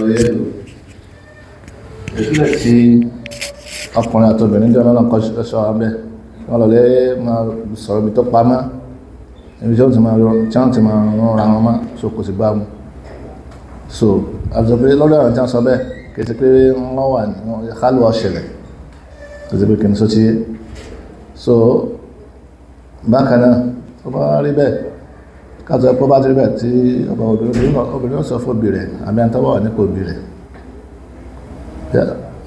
ọ̀rẹ́lò ìpínlẹ̀ tí ọkùnrin àti obìnrin jẹ́ ọlọ́run kan ṣọ́ abẹ́ wọ́n lọ lé máa sọ̀rọ̀ ibi tó pamọ́ ibi tí wọ́n ti máa rán ra wọn so kò sì bá mu so àbùsọ̀pẹ́ lọ́dọ̀ àwọn tí wọ́n sọ bẹ́ẹ̀ kì í ṣe pé wọ́n wà ní kálùwà ṣẹlẹ̀ kì so bákan náà tó bá kásọ̀ pé bá ti rí bẹ̀ tí ọba obìnrin sọ fún òbí rẹ̀ àmì àtọwọ́ wà nípa òbí rẹ̀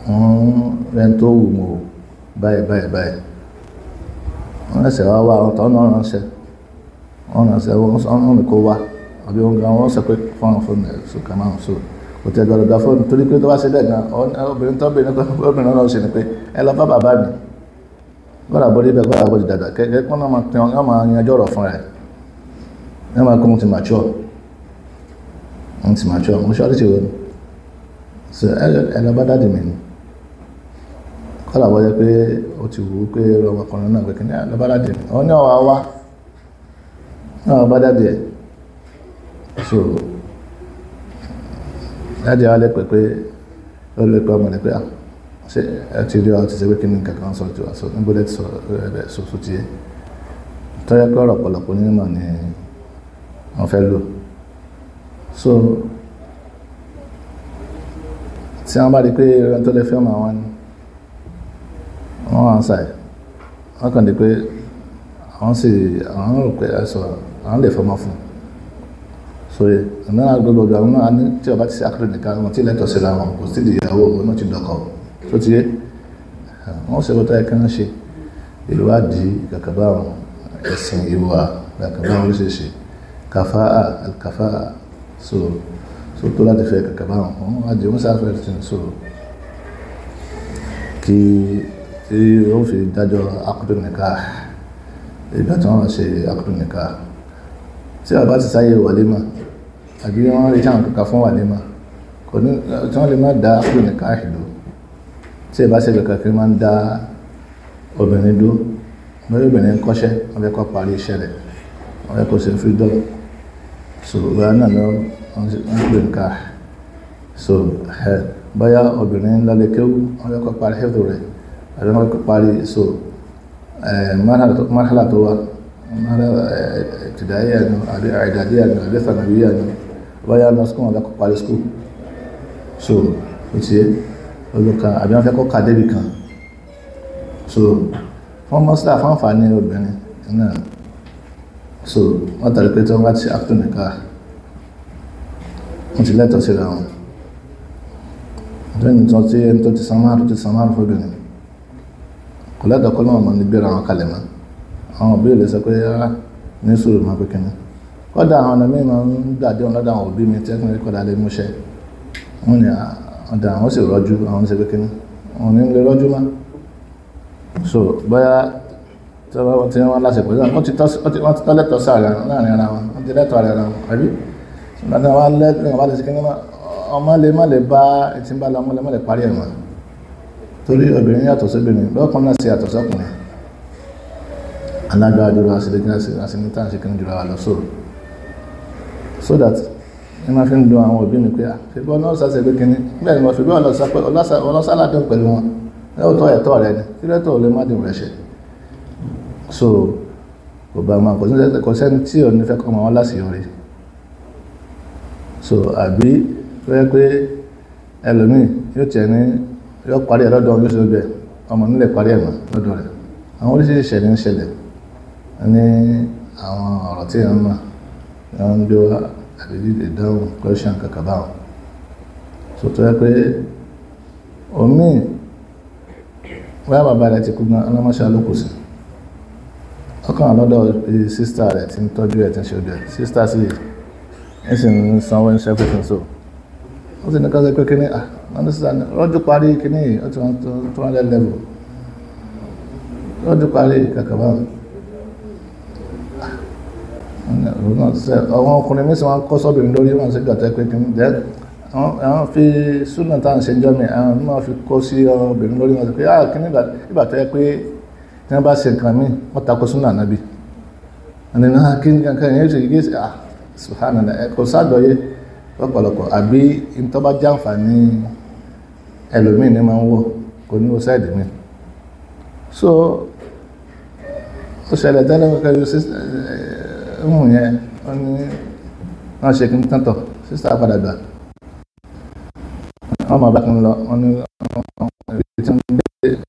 wọ́n rẹ̀ tó wù mọ́ báyìí báyìí báyìí wọ́n ẹsẹ̀ wá wá àwọn tọ́nà ránṣẹ́ wọ́n ránṣẹ́ wọ́n ní kó wá àbí wọ́n gan wọ́n sọ pé fọ́nrán fóònù ẹ̀ sọ kà máa ń sọ kò tẹ̀ gbọ́dọ̀ gba fóònù torí pé tó bá ṣe dẹ̀ obìnrin tó bìnrin obìnrin náà ṣe ni pé ẹ lọ bá bàbá mi gbọ́dọ̀ bọ́ níbẹ̀ gbọ́dọ̀ bọ́ ti dàgbà kẹ́kẹ́ kí wọ́n máa yanjú ọ̀rọ̀ fúnra ẹ̀ ẹ máa kọ́ wọn ti mature wọn ti mature wọn ṣọ́ọ́ ti wọ́n so ẹ ẹ lọ bá dáàdì mi ni kọ́lá wọ́n jẹ́ pé ó ti wù ú pé ọmọkùnrin náà gbẹ̀kẹ́ ní ẹ lọ bá dáàdì mi ọ ní ọ̀wá wá ní ọ̀wá bá dáàdì ẹ̀ so dáàdì wa lẹ́pẹ̀ pé ó lè pẹ́ ọmọ rẹ̀ pé ah, ṣe ẹ ti rí ọ ti ṣe pé kí ni nǹkan kan sọ ju àṣọ níbo lẹ́tí sọ ẹ bẹ́ẹ̀ sọ sọ tiẹ̀ tọ́jà pé ọ̀rọ̀ ọ̀pọ̀lọpọ̀ nínú ni wọ́n fẹ́ lò so tí wọ́n bá di pé ẹran tó lè fẹ́ ọmọ àwọn ni wọ́n wà ń sàì wọ́n kàn di pé àwọn sì àwọn rò pé ẹ̀sọ̀ àwọn lè fọmọ fún so ẹ̀mí náà gbogbo àwọn náà tí ọba ti ṣe akérè nìkan wọn tí lẹ́tọ̀ọ́ sí ra kò sí ìyàwó òun náà ti dọ̀kọ̀ tó ti yé wọ́n ṣe kọ́tà ẹ̀kẹ́ náà ṣe ìwádìí kàkàbá ẹ̀sìn ìwà kàkàbá oríṣiríṣi kàfáà alkàfáà so so tó láti fẹ́ kàkà márùn ún àjẹ wọn sáfẹ́ ti ń so kí tí ó fi dájọ́ akutu nìka ìgbà tí wọ́n ṣe akutu nìka tí a bá ti sáyé wàlímà àbí wọ́n rí sáwọn kàkà fún wàlímà kò ní tí wọ́n lè má da akutu nìka ìlú tí ẹ bá ṣe kàkà kí wọ́n máa ń da obìnrin dúró mẹ́rin obìnrin kọ́ṣẹ́ wọ́n fẹ́ kọ́ parí iṣẹ́ rẹ̀ wọ́n fẹ́ kó ṣe fídọ́ọ̀ so ìgbà náà lọ ń pè nǹka so ẹ bóyá obìnrin lọ́lẹ̀ kéwú wọ́n lọ́kọ́ parí hẹ́fù rẹ̀ àti wọ́n lọ́kọ́ parí so mọ́hálà tó wá ìtìdáyà nù àbí àìdàdíyà nù àbí sànàbíyà nù bóyá lọ skún wọn lọ́kọ́ parí skún so ó ti olùkà àbí wọ́n fẹ́ so wọ́n mọ́ sílà fáǹfà ní obìnrin náà so wọ́n tàbí pé tí wọ́n bá ti àkútò nìka wọ́n ti lẹ́tọ̀ síra wọn lẹ́yìn tí wọ́n ti ẹni tó ti san márùn ti san márùn fóbìnrin ni kò lẹ́tọ̀ kọ́ náà mọ̀ ní gbéra wọn kalẹ̀ mọ́ àwọn òbí lè sọ pé rárá ní sùúrù máa pé kíní kọ́dà àwọn ọ̀nà míì máa ń dàdé wọn lọ́dọ̀ àwọn òbí mi tí wọ́n kọ́dà lè múṣẹ́ wọn ni ah, ọ̀dà àwọn sì rọ́jú àwọn ṣe pé kíní wọn ni lè rọ́jú mọ́ so bóyá tí wọ́n ti wọ́n lásìkò náà wọ́n ti tọ́ lẹ́tọ̀ sára láàrin ara wọn wọ́n ti lẹ́tọ̀ ara wọn àbí ṣùgbọ́n tí wọ́n lẹ́tọ̀ wọn bá ti ṣe kéńkéńmá ọmọ lè má lè bá etí ń bá lọ ọmọ lè má lè parí ẹ̀ mọ́ torí obìnrin yàtọ̀ sóbìnrin lọ́kùnrin náà sì yàtọ̀ sọ́kùnrin alágbára jùlọ àṣìlẹ́gbẹ́ àṣìlẹ́gbẹ́ àṣìlẹ́gbẹ́ jùlọ àlọ́ sóòrò so that ẹ máa fi ń lo àwọn òbí mi pé à ah, ṣùgbọ́n ọlọ́sà ṣe pé kínní bẹ́ẹ̀ ni mo ṣùgbọ́n ọlọ́sà aláàbẹ̀ pẹ̀lú wọn ẹ̀ ó ẹ̀tọ́ rẹ ni kí lẹ́tọ̀ ò lè má dìbò rẹ̀ ṣe so ọba ọmọ kò sẹ́ni tí ò ní fẹ́ kọ́ ọmọ wọn láṣeyọrí so àbí tó yẹ pé ẹlòmíì yóò tiẹ̀ ní yóò parí ẹ̀ lọ́dọ̀ yóò ṣe bẹ̀ ọmọ nílẹ̀ parí ẹ̀ mọ́ lọ́dọ̀ rẹ̀ àwọn oríṣiríṣi ìṣẹ̀lẹ̀ ń ṣẹlẹ̀ ní àwọn ọ̀rọ̀ tí ẹ̀ ń mọ̀ ẹ̀ ń gbé wa àbí ìdáhùn question kankan báwọn so tó yẹ pé omi wáyà bàbá rẹ̀ ti kú gan ọlọ́mọṣẹ́ ló ọkàn wà lọ́dọ̀ eh, sísítà rẹ̀ tí ń tọ́jú ẹ̀ tí ń ṣe ojú ẹ̀ sísítà sì ń sì ń sanwó ń ṣe everything so ó sì ní ká sọ pé kíní à ah, wọ́n ní sísítà rọ́jú parí kíní ó ti wọ́n tó wọ́n lẹ́lẹ́bù rọ́jú parí kàkà báwọn ah, àwọn ọkùnrin mi sì wọn kọ́ sọ́bìnrin lórí wọn sì gbàtẹ́ pé kíní dẹ́ àwọn fi súnà táwọn ṣe ń jọ́ mi àwọn náà fi kó sí obìnrin lórí wọn sì pé ah kíní ìgbà tẹ́ pé tí wọ́n bá ṣe nǹkan míì wọ́n takò súnà ànábì ẹni náà kí ní kankan yẹn ṣe gé ah subhanallah ẹ kò sádọ̀yé lọ́pọ̀lọpọ̀ àbí ntọ́ba jàǹfààní ẹlòmíì ni máa ń wọ̀ kò ní wọ sáìdì mi so ó ṣẹlẹ̀ tẹ́lẹ̀ kankan yóò ṣe eh, ń mú yẹn wọ́n ní wọ́n ṣe kí n tán tọ̀ sísá padà gbà wọ́n máa bá kí n lọ wọ́n ní wọ́n ti ń gbé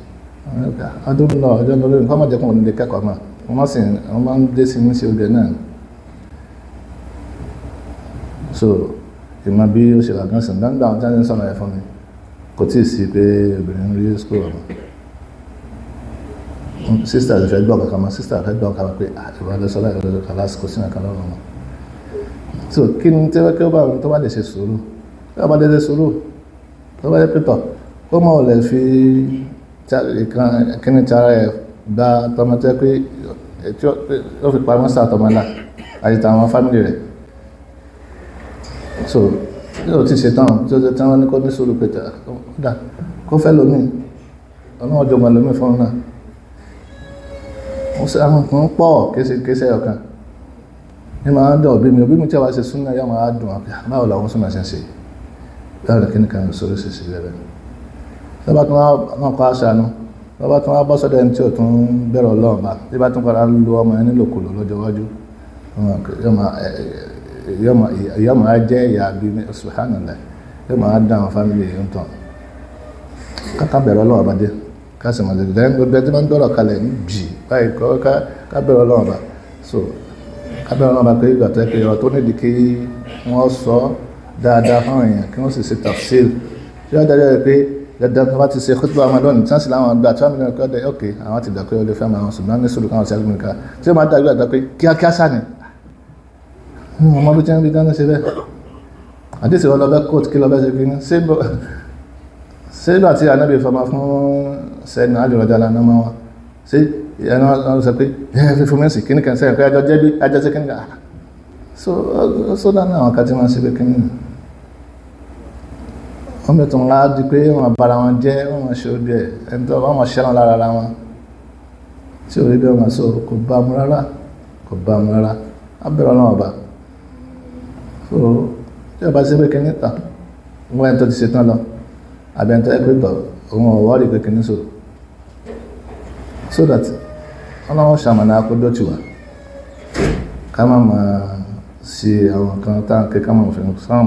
adúlù náà ọjọ́ ní olórí kọ́mọ̀ jẹ́ kó ní lè kẹ́kọ̀ọ́ mọ́ wọ́n má sì wọ́n má ń dé sí ní sí obìnrin náà so ìmọ̀ bí ó ṣe wà gan sí gbangba ọjọ́ ní sọ̀rọ̀ ẹ̀ fún mi kò tí ì sí pé obìnrin rí school ọ̀mọ́ sista lè fẹ́ gbọ́ kankan mọ́ sista fẹ́ gbọ́ kankan pé ah, ìwà lọ sọ́lá ìwà lọ kàlá kò sí nǹkan mọ́ so kí ni tí wọ́n kí wọ́n bá wọn tó bá lè ṣe sùúrù tó bá lè ṣe sùúrù tó bá lè pétọ̀ ó mọ̀ ọ́ fi kíni tí ara ẹ̀ gba tọmọ tẹ́ pé tí ó fi pamọ́ sáà tọmọ náà àti tàwọn fámìlì rẹ̀ so tí ó ti ṣe tán tí ó ti tán ní kó ní sùúrù pé dà kó fẹ́ lómi ọlọ́run jọmọ lómi fún náà ó sì àwọn kan pọ̀ kéṣe ọ̀kan ní máa ń dọ̀ òbí mi òbí mi tí a wá ṣe súnmọ́ yá máa dùn àbí báwo làwọn súnmọ́ ṣe ń ṣe báwo làkínìkan ìṣòro ṣe ṣe rẹ̀ rẹ̀ lọ́ba tó wọn kọ́ àṣàánú lọ́ba tó wọn bọ́ sọ́dọ̀ ẹni tí ò tún bẹ̀rù ọlọ́run bá tí bá tún padà lu ọmọ yẹn nílòkulò lọ́jọ́ iwájú yóò máa jẹ́ ìyá bí subhanallah yóò máa dá àwọn fámìlì yìí ń tàn káká bẹ̀rù ọlọ́run bá dé ká sì máa dẹ̀dẹ̀ gbogbo ẹni tí wọ́n ń dọ̀rọ̀ bì báyìí ká bẹ̀rù ọlọ́run bá so ká bẹ̀rù ọlọ́run bá pé ìgbà tó yẹ pé ọ̀rọ̀ tó nídìí kí wọ́n sọ dáadáa fáwọn èèyàn kí wọ́n sì ṣe tafsir dandan tó bá ti ṣe kótó àwọn lónìí tí wọ́n sì láwọn gba tí wọ́n mìíràn kọ́ dé ok àwọn ti dọ̀kẹ́ olè fẹ́ máa wọn ṣùgbọ́n ní sùúrù káwọn ṣẹ́gun nìkan tí ó máa dàgbé àgbà pé kíákíá sá ni ọmọ ló jẹ́ ń bí gánà ṣe bẹ́ẹ̀ àdéṣe wọn lọ́bẹ̀ kóòtù kí lọ́bẹ̀ ṣe kí ní ṣé ìgbà tí anábì fọmọ fún sẹ́ni àdìrọ̀dá lánà mọ́ wọn ṣé ẹ̀rọ ọ̀rọ̀ sọ pé ẹ̀ fífún mẹ́sì kí so ó sọ́dọ̀ náà àwọn wọ́n bẹ̀ tó ń wá di pé wọ́n bara wọn jẹ́ wọ́n mọ̀ ṣe oge ẹ̀ ẹni tó wọ́n mọ̀ ṣẹ́ràn lára ara wọn tí orí bẹ́ẹ̀ wọ́n so kò bá mu rárá kò bá mu rárá abẹ́rẹ́ ọlọ́wọ́n ọba so tí ọba ṣe pé kíní tán wọ́n ẹni ti ṣetán lọ àbẹ̀ ẹni tó tọ̀ òun ọ̀wọ́ rí pé kíní so so that ọlọ́wọ́n ṣàmọ̀nà akójọ́ ti wà ká má máa ṣe àwọn kan tá à ń ké ká má máa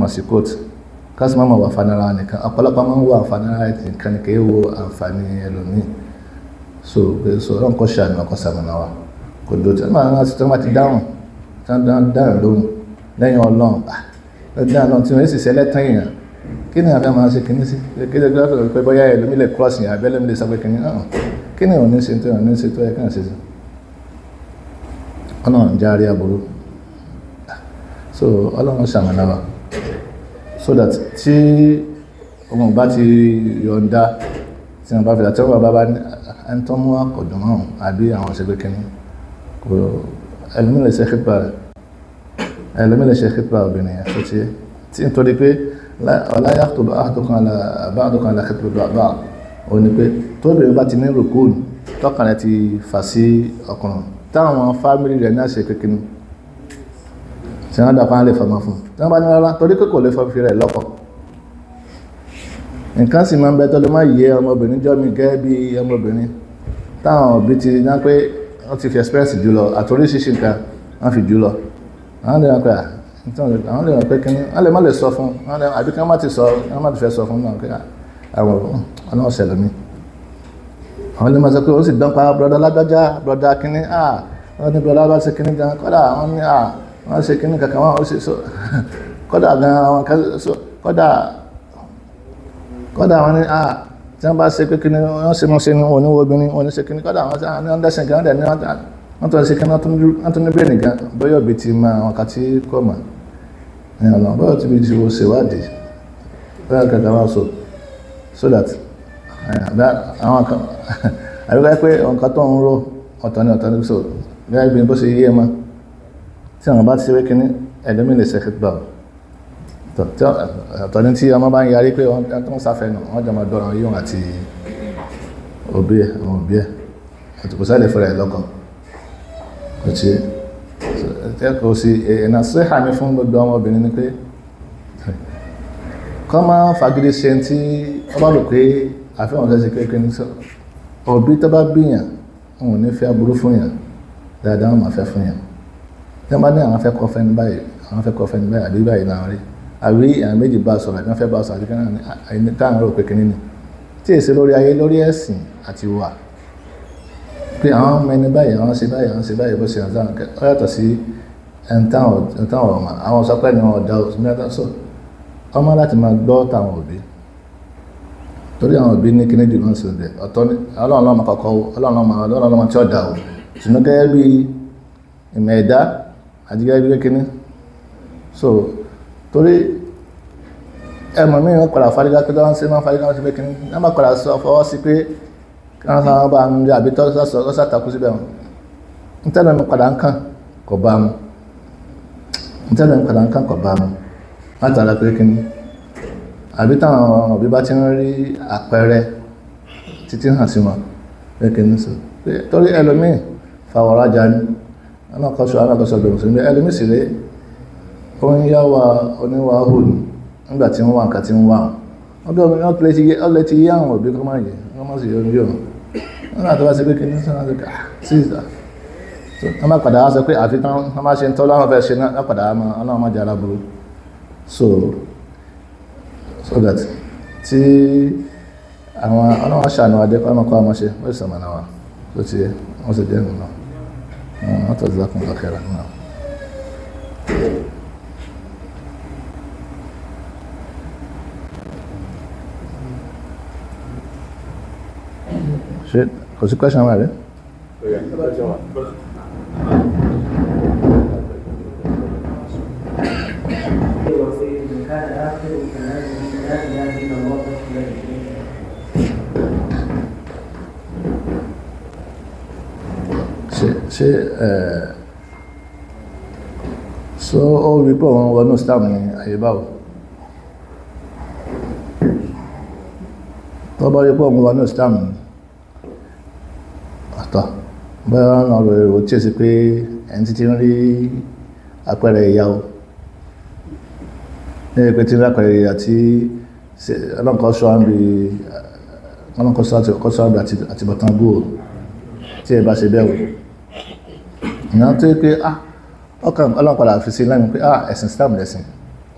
fi ká má kásì máa ma wà àǹfààní ara nìkan ọ̀pọ̀lọpọ̀ máa ń wo àǹfààní ara ẹ̀ nìkan ni kìí wo àǹfààní ẹlòmíì so so ọlọ́run kọ́ ṣàmì ọkọ̀ sàmìnà wa kò dò tí wọ́n máa ti dáhùn tí wọ́n dáhùn lóhùn lẹ́yìn ọlọ́run lẹ́yìn ah, ọlọ́run tí wọ́n sì ṣe ẹlẹ́tàn èèyàn kí ni àbẹ́ máa ṣe kí ni sí kí ni gbọ́dọ̀ pé bóyá ẹlòmíì lè cross yẹn àbẹ́ lẹ́mìí lè sọ pé kí ni ọ̀hún kí ni òun ní ṣe tó òun ní ṣe tó ẹ kàn ṣe sí ọlọ́run járe aburú ah, so ọlọ́run ṣàmìnà wa so that tí ọmọ bá ti yọ̀ǹda tí wọ́n bá fi àti ọmọ bàbá ní ẹni tó mú àkọ̀dùn náà àbí àwọn ìṣẹ́gbẹ́ kínní kò ẹlòmílẹ̀ ṣe kípa ẹlòmílẹ̀ ṣe kípa obìnrin yẹn tó ti tí nítorí pé ọláyà tó bá àtọkàn àbáàdọkàn alákẹ́tọ̀ bàbá ò ní pé tó lè bá tí wọ́n dàpọ̀ lè fọmọ fún tí wọ́n bá ní rárá torí pé kò lè fọ́n fi rẹ̀ lọ́kọ nǹkan sì máa ń bẹ tọ́lọ́ máa yẹ ọmọbìnrin jọ́mi gẹ́gẹ́ bí ọmọbìnrin táwọn òbí ti yán pé wọ́n ti fi express jùlọ àtòríṣiṣi nǹkan wọ́n fi jùlọ àwọn lè rán pé àwọn lè rán pé kí wọ́n lè má lè sọ fún àbí kí wọ́n má ti sọ wọ́n má ti fẹ́ sọ fún náà pé àwọn ọ̀nà ọ̀sẹ̀ lómi àwọn lè máa sọ pé ó sì dán pa brọ́dá lágbájá brọ́dá kínní ah wọ́n ní brọ́dá bá ṣe kínní gan kọ́dà wọ́n ní ah wọ́n ṣe kíní kankan wọ́n ṣe so kọ́dà gan àwọn kan so kọ́dà kọ́dà wọn ni a ah, tí wọ́n bá ṣe pé kíní wọ́n ṣe mọ́ ṣe ní oníwó obìnrin oní ṣe kíní kọ́dà wọn ní ọ́ndẹ́sìn gan dẹ̀ ní wọ́n tó ṣe kíní wọ́n tó ní bírèèni gan bóyá òbí ti máa àwọn kan tí kò mọ̀ ní ọ̀nà bóyá ti bí ti wo ṣèwádìí bóyá kankan wọn so so that eh, àwọn kan àbíkọ́ pé nǹkan ni ọ̀tọ̀ ni so bí wọ́n gbé tí àwọn bá ti ṣeré kínní ẹlẹ́mì lè ṣe kìtìbà ọ̀tọ̀ ní tí ọmọ bá ń yarí pé wọ́n sáfẹ́ nù wọ́n jọmọ dọ́ra yóò àti òbí ẹ̀ àwọn òbí ẹ̀ àtùkù sáà lè fẹ́rẹ̀ lọ́kọ̀ kò tí kò sí ẹ̀nà sí àmì fún gbogbo ọmọbìnrin ni pé kọ́ máa ń fagídí ṣe tí wọ́n bá rò pé àfihàn ṣe ṣe kékeré ní sọ òbí tó bá bíyàn òun ní fẹ́ aburú fún yàn dáadáa wọn máa fẹ́ fún yàn tí wọ́n bá ní àwọn fẹ́ kọ́ fẹ́ni báyìí àwọn fẹ́ kọ́ fẹ́ni báyìí àbí báyìí náà rí àbí àwọn méjì bá sọ̀rọ̀ àbí wọ́n fẹ́ bá sọ̀rọ̀ àti kẹ́hìn àìní táwọn rò pé kínní ni tí èsì lórí ayé lórí ẹ̀sìn àti wà pé àwọn ọmọ ẹni báyìí àwọn ṣe báyìí àwọn ṣe báyìí bó ṣe hàn sáwọn kẹ ọ yàtọ̀ sí ẹ̀ńtàwọn ọmọ àwọn sọpẹ́ ni wọn ọ̀dà òsì mẹ́ta sọ ọmọ láti máa gbọ́ táwọn òbí torí àwọn òbí ní kíní jù lọ́n sí ọ̀dẹ̀ ọ̀tọ̀ ní ọlọ́run lọ́mọ kọ̀ọ̀kọ́ ọlọ́run lọ́mọ ọlọ́run lọ́mọ tí ọ̀dà ò ṣùgbọ́n gẹ́gẹ́ bí ìmọ̀ ẹ̀dá àti gẹ́gẹ́ bí kíní so torí ẹmọ mi wọn padà fárígá pé tọ́wọ́n sí máa fárígá wọn sí pé kíní wọn bá padà sọ fọwọ́ sí pé kí wọ́n sáwọn bá ń rí àbí tọ́sọ̀ sàtàkù síbẹ̀ wọn ntẹ́nu mi padà ń kàn kò bá mu ntẹ́nu mi padà ń kàn kò bá mu látara pé kíní àbí táwọn òbí bá ti ń rí àpẹẹrẹ títí hàn sí wọn pé sọ torí ẹlòmíì fàwọ̀rajà ni. alákọ̀ọ́ṣọ́ alákọ̀ọ́ṣọ́ muslim ẹlùmí sì rẹ̀ ó ń yá wa oníwà hùn nígbà tí ń wà nǹkan tí ń wà ti yé àwọn òbí kọ́ máa yẹ wọ́n má sì yọ ojú ọ̀hún wọ́n àtọ́wá ah, sí pé kìíní sọ́nà sí ká sí ìta padà wá sọ pé àfi tán so so that àwọn adé kọ́ ṣe wọ́n sì náà wá tó ti hata jazakumullahu khairan náà. ṣe kò sí question wa rẹ. ṣe ṣe ẹ̀ so ó rí pọ̀ wọn wọnú islam ní àyíbáwò tó bá rí pọ̀ wọn wọnú islam ní ọ̀tọ̀ bẹ́ẹ̀ wọn lọ rẹ̀ ò tí ì sí pé ẹni títí ń rí apẹ̀rẹ̀ ìyàwó ní ẹgbẹ́ tí ń rí apẹ̀rẹ̀ ìyà tí ọlọ́nkọ́ sọ àmì ọlọ́nkọ́ sọ àti bàtàn gbòòrò tí ẹ bá ṣe bẹ́ẹ̀ wò ìyẹn tó yẹ pé ah ọkàn ọlọ́pàá fi sí lẹ́nu pé ah ẹ̀sìn Islam lẹ́sìn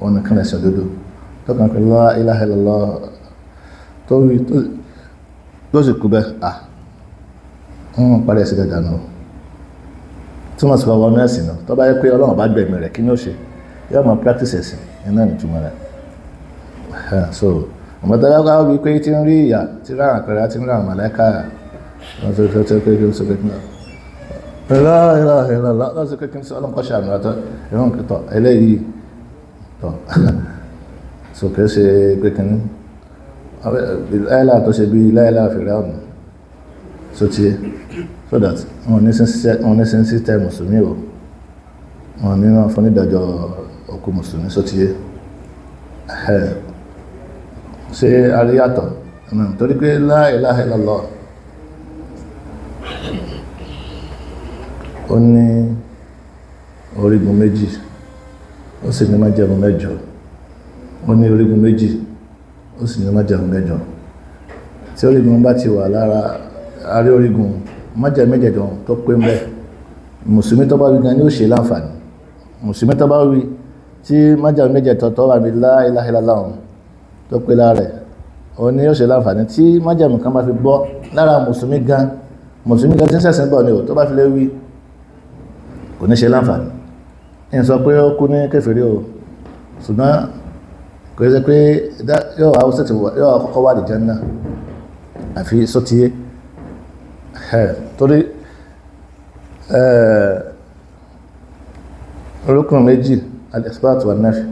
òun nìkan lẹ́sìn òdodo tọkàn pé la ilaha illallah tó rí tó sì kú bẹ́ẹ̀ ah wọ́n parí ẹ̀sìn dandan náà tí wọ́n sì bá wọnú ẹ̀sìn náà tó bá yẹ pé Ọlọ́run bá gbẹ̀mí rẹ̀ kí ni ó ṣe yóò máa practice ẹ̀sìn iná ìtumọ̀ rẹ̀ so ọmọdélágbá wípé tí ń rí ìyà tí ń rà àpẹẹrẹ tí ń rà àmàlẹ́kà wọ́n tó tó tó pé kí ó sọ pé kí náà la ilaha illallah lọ́sí kékin sí ọlọ́pàá ṣàmì àtọ́ ìwọ̀n kìtọ̀ eléyìí tọ́ so kìí ṣe kékin láìlá tó ṣe bí láìlá fèrè ọ̀nà so tí so that wọn ní sí sí tẹ mùsùlùmí o wọn ní wọn fún nídàjọ òkú mùsùlùmí so tí ṣe àríyàtọ̀ torí pé la ilaha illallah ó ní orígun méjì ó sì ní májẹ̀mú mẹ́jọ ó ní orígun méjì ó sì ní májẹ̀mú mẹ́jọ tí orígun bá ti wà lára arí orígun májẹ̀mú mẹ́jọ tó pé mbẹ́ mùsùlùmí tó bá rí gan ni ó ṣe láǹfààní mùsùlùmí tó bá rí tí májẹ̀mú mẹ́jọ tọ̀tọ̀ wà mí la ilaha illallah tó pé lára rẹ̀ ó ní ó ṣe láǹfààní tí májẹ̀mú kan bá fi bọ́ lára mùsùlùmí gan mùsùlùmí gan ti ń ṣẹ̀sìn bọ̀ ni ò tó bá fi lè wí ní ṣe láǹfààní ẹ̀ sọ pé ó kú ní kèfèrí o ṣùgbọ́n kò ṣe pé yóò wá ṣètò yóò wá kọ́kọ́ wà ní Jánnà àfi sọ́tìyé torí orúkùn eh, méjì al-ithbat wa an-nafi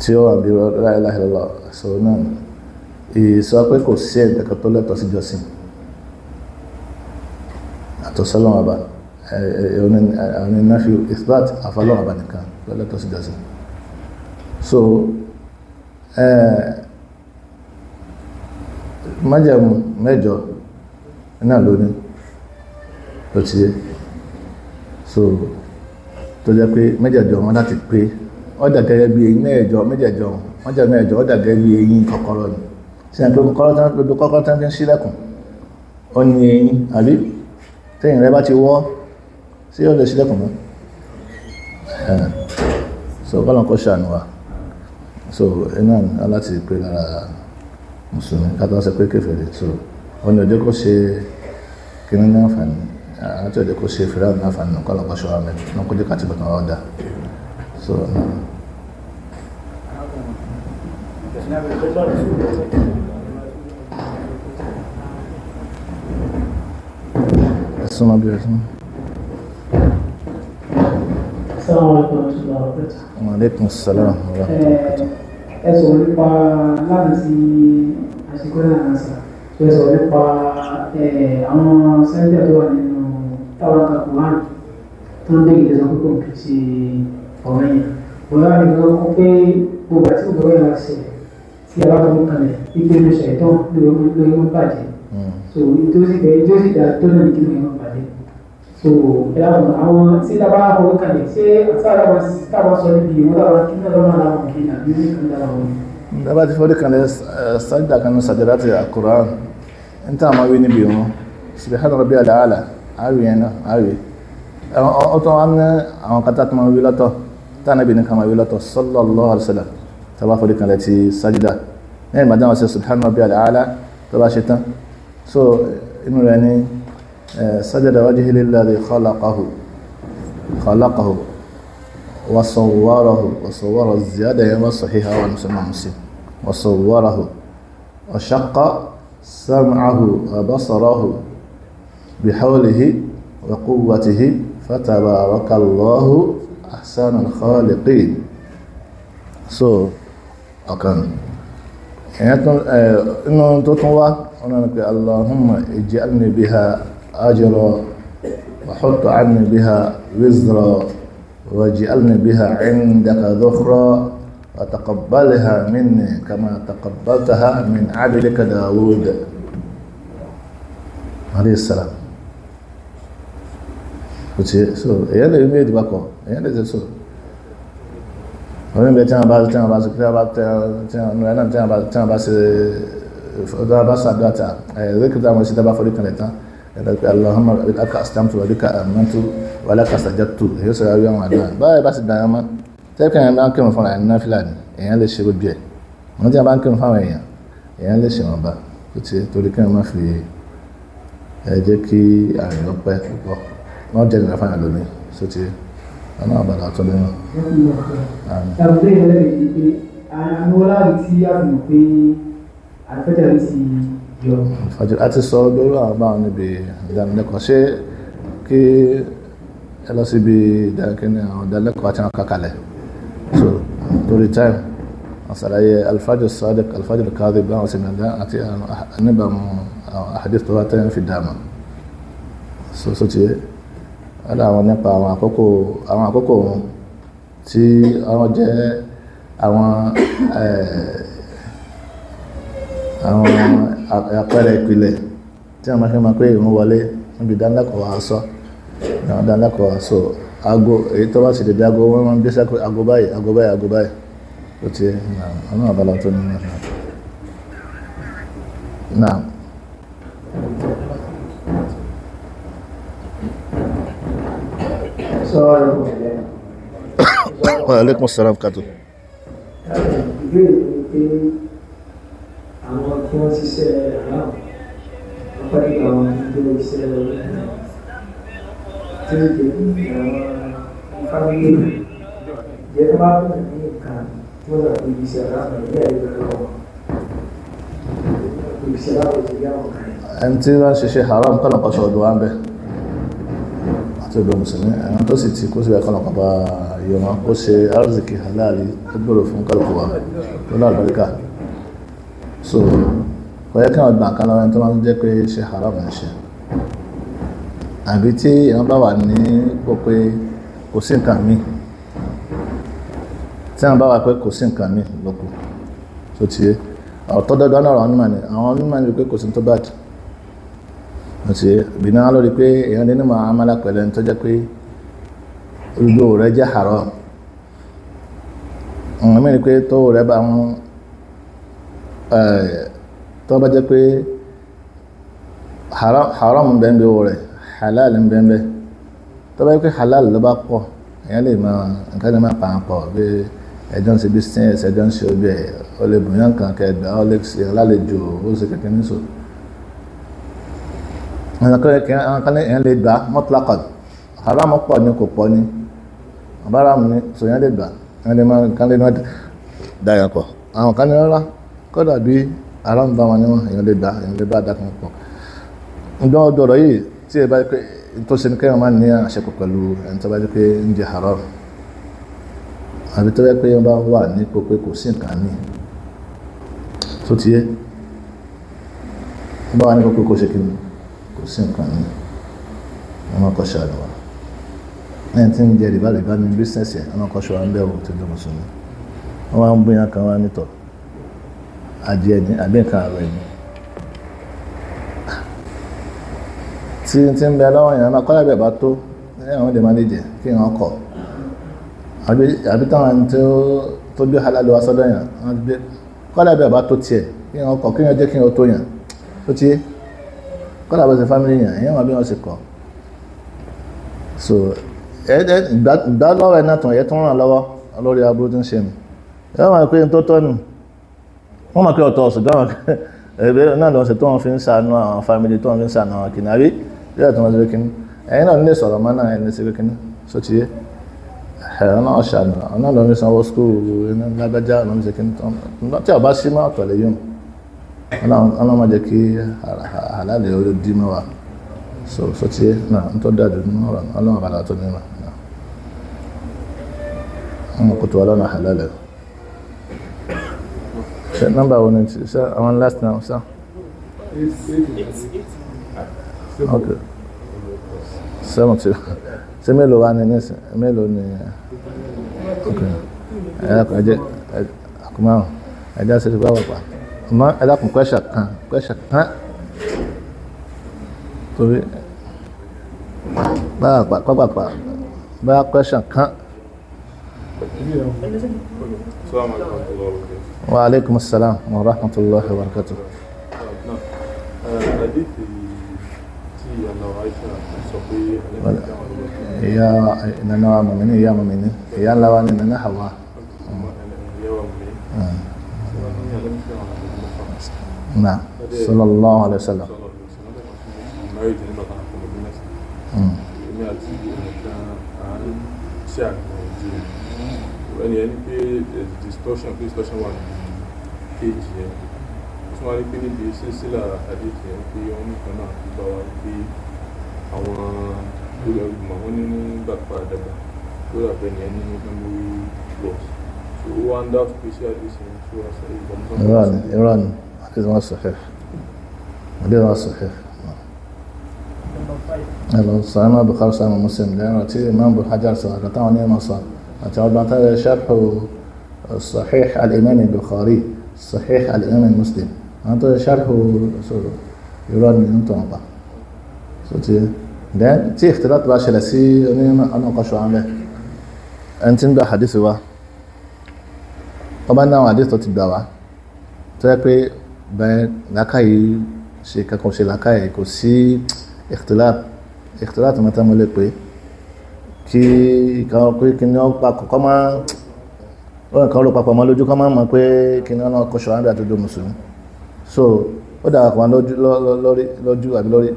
tí ó wà bí la ilaha illallah sọ̀rọ̀ náà ìsọ pé kò sí ẹ̀ǹkankan tó lẹ́tọ̀ọ́ sí jọ́sìn àtọ̀sọ́lọ́wọ́ báyìí oní nafi isbat afalọ́ àbánìkan lọ́lẹ́tọ̀ sí jọ́sìn so májẹ̀mú mẹ́jọ náà lónìí ló ti yé so tó jẹ́ pé mẹ́jẹ̀jọ wọn láti pé ọ̀dà gẹ́gẹ́ bí eyín mẹ́jọ mẹ́jẹ̀jọ wọn jẹ́ mẹ́jọ ọ̀dà gẹ́gẹ́ bí eyín kọ́kọ́rọ́ ni sí àpé kọ́kọ́rọ́ tán fi ń sílẹ̀kùn ó ní eyín àbí tẹ́yìn rẹ bá ti wọ́ sí ọ̀lẹ́ sílẹ̀kùn mọ́ so kọ́lọ̀ kọ́ ṣàánú wa so iná aláti pé lára mùsùlùmí kátà sọ pé kèfèrí so ọ̀nà òjò kó ṣe kíní ní àǹfààní àti òjò kó ṣe fìrà ní àǹfààní kọ́lọ̀ kọ́ ṣọ́ra mẹ́rin náà kó jẹ́ kàtí bàtà wa ọ̀dà so That's not good. Aleykum salaam wa rahmatulah. Ẹ sọ̀rọ̀ nípa láti ti àsìkò náà náà sà. Ẹ sọ̀rọ̀ nípa àwọn sẹ́ńtẹ̀ tó wà nínú táwọn kan kò hàn tó ń dé ìdẹ́sọ̀ pé kò kì í ṣe ọ̀rọ̀ yẹn. Bọ̀dá mi lọ kọ́ pé gbogbo àti gbogbo yẹn wá ṣe tí a bá fọwọ́ kalẹ̀ wípé mo ṣe ìtọ́ lórí ọmọ bàjẹ́. Tó ìjọ́sí dáa tó lónìí kí ló yẹn so ẹlẹ́wọ̀n um, àwọn tí tá a bá fọwọ́ kalẹ̀ ṣé àtàrà wọn tá a bá sọ níbi ìwọ́n lára kí náà lọ́wọ́ lára wọn kì í nàbí ní kan lára wọn. dábàá ti fọwọ́ kalẹ̀ sájà kan sàjàdá ti àkùrán ń tàn máa wí níbi ìwọ́n subhana rabbi ní àwọn kata máa wí lọ́tọ̀ táwọn ẹbí ní kan máa wí lọ́tọ̀ sallallahu alaihi wasallam tá a bá fọwọ́ kalẹ̀ ti sájìdá lẹ́yìn bàdá wọn sẹ subhana rabbi alaala so inú سجد وجهه للذي خلقه خلقه وصوره وصور الزيادة هي صحيحة والمسلم مسلم وصوره وشق سمعه وبصره بحوله وقوته فتبارك الله أحسن الخالقين so أكن إنه تطوى أنا tó tún wá ọ̀nà أجرا وحط عني بها وزرا واجعلني بها عندك ذخرا وتقبلها مني كما تقبلتها من عبدك داود عليه السلام kuti so èyàn lè ní èdè papọ̀ èyàn lè ṣe so oníbẹ̀ tí wọ́n bá tí wọ́n bá tí wọ́n bá tí wọ́n bá tí wọ́n bá ṣe tí wọ́n bá ṣàdúrà ta ẹ̀ẹ́dẹ́gbẹ̀ta wọn ṣe dábàá forí kan lẹ̀ tán alahama aka asitamtu wa bika amantu wa laka sajadtu èyí sọ̀rọ̀ àwọn àwọn àdúrà báyìí bá ti dàn án mọ́ tẹ́kẹ́ yẹn bá ń kírun fúnra ẹ̀ ní fúlàní èèyàn lè ṣe gbogbo ẹ̀ wọ́n ti bá ń kírun fáwọn èèyàn èèyàn lè ṣe wọn bá tó ti torí kí wọ́n má fi ẹ jẹ́ kí àrùn ọpẹ́ púpọ̀ wọ́n jẹ́ ìrìnà fáwọn lómi tó ti ọ̀nà àbàdà tó lé wọn ọjọ́ àti sọ lórí àwọn báwọn níbi ìdánilẹ́kọ̀ọ́ ṣé kí ẹ lọ síbi ìdánilẹ́kọ̀ọ́ àti àwọn kàkàlẹ̀ so torí time àṣàlàyé alfajr sadiq alfajr kadhib báwọn sì nàdá àti níbàmù ahadith tó wá tẹ́ ń fi dàmà so so ti ọ̀dọ̀ àwọn nípa àwọn àkókò àwọn àkókò wọn tí àwọn jẹ́ àwọn eh, àwọn àpẹẹrẹ ìpìlẹ̀ tí a máa fi máa pé ìrún wọlé níbi ìdánilẹ́kọ̀ọ́ àṣọ ìdánilẹ́kọ̀ọ́ àṣọ aago èyí tó bá sì dèbí aago wọn máa ń gbéṣẹ́ pé aago báyìí aago báyìí aago báyìí ó ti ọ̀nà àbálà tó àwọn tí wọ́n ṣiṣẹ́ àrà apájúkọ àwọn tó ṣiṣẹ́ tí ó jẹ́ àwọn fámílì jẹ́ tó bá fún mi ní nǹkan tí wọ́n gbà pé ìṣẹ́ àrà haram kọ́nà kan ṣọ̀dọ̀ wa ń bẹ̀ àti ọ̀dọ̀ mùsùlùmí àwọn tó sì ti kó síbẹ̀ kọ́nà kan bá yọ̀ wọn kó ṣe arzikì halali tó gbèrò fún kálukú wa lọ́nà àlùbáríkà so kọ̀yẹ́ káwọn gbà kan lọ́wọ́ ẹni tó máa ń jẹ́ pé ṣe haram ń ṣe àbí tí èèyàn bá wà ní pò pé kò sí nǹkan míì tí àwọn bá wà pé kò sí nǹkan míì lóko tó ti yé ọ̀tọ́ dọ́gba náà àwọn onímọ̀ ni àwọn onímọ̀ ni pé kò sí tó bá dì tó ti yé bìnú á lórí pé èèyàn lè nímọ̀ amálà pẹ̀lú ẹni tó jẹ́ pé gbogbo rẹ̀ jẹ́ haram ọ̀nà mẹ́rin pé tó rẹ̀ bá wọn Eh, tó bá jẹ́ pé haram ń bẹ́ẹ̀ rẹ̀ halal ń bẹ́ẹ̀ tó bá jẹ́ pé halal ló bá pọ̀ èèyàn lè máa nǹkan lè máa pààn pọ̀ bí ẹjọ́ ń ṣe business ẹjọ́ ń ṣe obi ẹ̀ ó lè bùn yàn kan kẹgbẹ́ ó lè ṣe alálejò ó ṣe kẹ̀kẹ́ níṣò àwọn kan èèyàn lè gbà mọ́tàlákọ̀ haram pọ̀ ni kò pọ̀ ni ọ̀bára mi ni sòyàn lè gbà èèyàn lè máa nǹkan lè máa dàyàpọ̀ àwọn kan ní rárá kọ́dà bí ara ń bá wọn níwọ̀n èèyàn lè dá èèyàn lè bá dá kan pọ̀ ǹgbọ́n ọdọọdọ yìí tí ẹ bá jẹ́ pé tó ṣe ní kẹ́yàn máa ní àṣepọ̀ pẹ̀lú ẹni tó bá jẹ́ pé ń jẹ haram àbí tó bá pé wọ́n bá wà ní pé kò sí nǹkan míì tó ti yẹ wọ́n bá wà ní pé kò ṣe kí ni kò sí nǹkan míì wọ́n máa kọ́ ṣàlù wa ẹni tí ń jẹ rìbá rìbá ní bísíǹsì ẹ̀ wọ́n máa kọ́ ṣọ́ wa ń bẹ̀rù tó dùn mùsùlùmí adìẹ ni àbí nǹkan ààrẹ ni tí tí ń bẹ lọ́wọ́ yẹn máa kọ́lá bẹ̀ bá tó ní àwọn èdè máa lè jẹ kí wọ́n kọ̀ àbí táwọn tí ó tó gbé halal wá sọ́dọ̀ yẹn wọ́n gbé kọ́lá bẹ̀ bá tó tiẹ̀ kí wọ́n kọ̀ kí wọ́n jẹ́ kí wọ́n tó yẹn ó ti kọ́lá bọ̀ sí fámìlì yẹn ìyẹn wọn bí wọ́n ṣe kọ̀ so ìgbà lọ́wọ́ ẹ̀ náà tàn yẹ tó ń ràn lọ́wọ́ lórí aburú tó ń ṣe mi ẹ máa pé n tó tọ́nu wọ́n mọ̀ pé ọ̀tọ̀ ṣùgbọ́n àwọn ẹ̀bẹ̀ náà lọ́sẹ̀ tó wọ́n fi ń sànú àwọn fámìlì tó wọ́n fi ń sànú àwọn kìnnà àbí yóò tó wọ́n ṣe kìnnì ẹ̀yin náà nílé sọ̀rọ̀ máa náà ẹni ṣe kìnnì sọ ti yé ẹ̀rọ náà ṣàánú àwọn náà lọ́ọ́ fi sanwó skul iná lágbájá ọ̀nà ṣe kìnnì tán tí ọba sí máa tọ̀lé yóò ọlọ́run máa jẹ́ kí àlàlẹ̀ orí dí mọ́ wa sọ ti yé náà ń tọ́ dájú nínú ọlọ́run àbàlà tó ní Number one, wɔ no nti sɛ ɔn last Okay. sa ok seventy sɛ mélòó wa ni nísìn mélòó ni ok ɛdakun ɛdze akuma o ɛdze asɛ tukpa wɔ pa ɔmɔ ɛdakun kwɛsha kan kwɛsha kan torí báyà kpakpakpa báyà kwɛsha kan. السلام عليكم ورحمة الله وبركاته. وعليكم السلام ورحمة الله وبركاته. يا يا يا آه. نعم صلى الله عليه وسلم ẹni ẹni pé eh, distortion pé distortion wà ní kéèjì yẹn ó tún wá rí pé níbi sísílà àdéhìí yẹn pé wọn nìkan náà ti bá wa pé àwọn olùyọ ìgbìmọ̀ wọn ní nígbà padàgbà lórí àbẹ̀ni ẹni memory loss so ó wá ń dá pèsè àdéhìí yẹn tó wá sẹ́yìn ìbọ̀mọ́sọ́. ìran ìran àdéhìí wọn sọ fẹ́ẹ́ àdéhìí wọn sọ fẹ́ẹ́. Hello, Sàmà Bukhari Sàmà Muslim lẹ́yìn àti Imam Bukhari Sàmà kàtàwọn ní ẹ̀ máa sọ àti àwọn ọgbọ́n tẹ́lẹ̀ ṣàpò sahih al-imam al-bukhari sahih al-imam muslim àwọn tó ṣàpò sọ̀rọ̀ irọ́ ni ń tàn pa so ti then tí ikhtilat bá ṣẹlẹ̀ sí oní ọ̀nàkọ́ṣọ́ àwọn bẹ́ẹ̀ ẹni tí ń gba hadith wa ọba náà hadith tó ti gbà wá tó yẹ pé bẹ́ẹ̀ làákàyè ṣe kankan ṣe làákàyè kò sí ikhtilat ikhtilat mọ́tàmọ́lẹ́ pé kí kan pé kí ni wọ́n pa kọ́kọ́ máa wọ́n kan rò papọ̀ mọ́ lójú kan máa mọ̀ pé kí ni kọ́ ṣọ́ra nígbà tó do mùsùlùmí so ó dàgbà kan lójú àbí lórí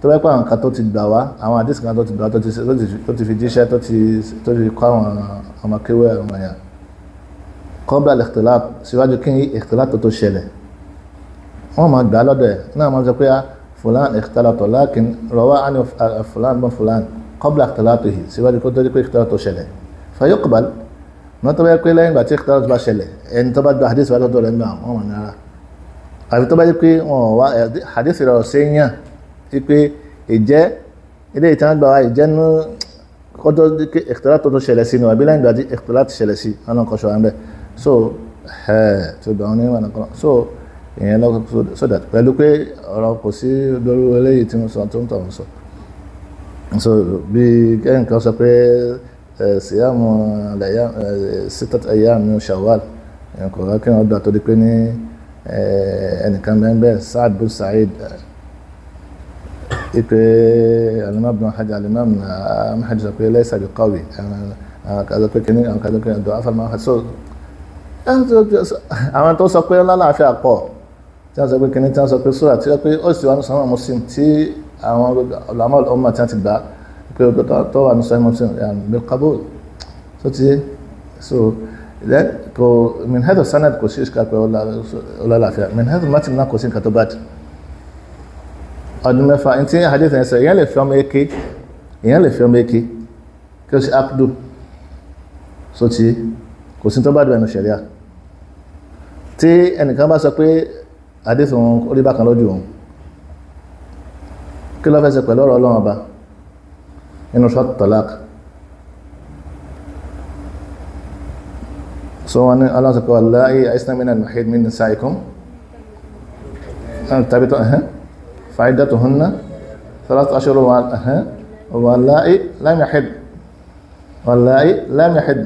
tó bá pẹ́ àwọn kan tó ti gbà wá àwọn àdìsí kan tó ti gbà wá tó ti fi jíṣẹ́ tó ti kọ́ àwọn ọmọ kéwé ọmọ yẹn kọ́bla lẹ́kìtìláàp síwájú kí ìkìtìláàp tó ṣẹlẹ̀ wọ́n máa gbà lọ́dọ̀ ẹ̀ náà máa sọ pé ah, fúlàn ìkìtìláàp lákìn rọwá àni ah, fúlàn bọ́n fúlàn kọ́bla àtàlátò yìí síwájú kó tó dé pé ìkìtàrà tó ṣẹlẹ̀ fayokbal wọ́n tó bá yẹ pé lẹ́yìn ìgbà tí ìkìtàrà tó bá ṣẹlẹ̀ ẹni tó bá gba hadith wà lọ́dọ̀ rẹ̀ nínú àwọn ọmọ náírà àfi tó bá yẹ pé wọn ò wá hadith rẹ̀ ọ̀sẹ̀ yàn sí pé ìjẹ́ ilé ìtàn gbà wá ìjẹ́ nú kó tó dé pé ìkìtàrà tó tó ṣẹlẹ̀ sí ni wà bí lẹ́yìn ìgbà tí ìkìtàrà tó ṣẹlẹ̀ sí ọlọ́run kọ́ ṣọ́ra ń bẹ̀ so tó gbà wọn ní ìwà nìkan so ìyẹn lọ́kọ̀ so that pẹ̀lú pé ọ̀rọ̀ kò sí lórí eléyìí tí mo sọ tó ń tọ̀ ń sọ so bí kẹ́hìnkan sọ pé síyàmù sítọ́tì ayáàmù shawal kò wá kí wọ́n gbà tó di pé ní ẹnìkan bẹ́ẹ̀ bẹ́ẹ̀ Sa'ad bin Sa'id ipe alimabna hajj na amahajj sọ pé laysa bi qawi àwọn kan sọ pé kíní àwọn kan sọ pé ọ̀dọ̀ afẹ́mọ́ so àwọn tó sọ pé lálàáfíà pọ̀ tí wọ́n sọ pé kíní tí wọ́n sọ pé sóra tí wọ́n sọ pé ó sì wà ní sọ́nà mùsùlùmí tí àwọn ọ̀làmọ́ ọmọ tí wọ́n ti gbà pé dọ́kítà tó wà ní sọ́yìnmọ́sìn milkabul tó ti so then kò min head of senate kò sí ìṣúká pé ọlọ́láfíà min head of martin náà kò sí nǹkan tó bad ọdún mẹ́fà ní tí hadith yẹn sọ ìyẹn lè fi ọmọ eke ìyẹn lè fi ọmọ eke kí o ṣe akdu so ti kò sí tó bad bẹ̀rẹ̀ tí ẹnìkan bá sọ pé hadith òun orí bákan lójú òun kí ló fẹsẹ̀ pẹ̀lú ọ̀rọ̀ ọlọ́run ọba nínú short talaq so wọn ní ọlọ́run sọ̀kọ̀ láyé àìsànmínà mahid min nisaikum tàbí tó ẹ̀hẹ́n fàídà tó hùnà thalath ashhur wà ẹ̀hẹ́n wàláyé lam yahid wàláyé lam yahid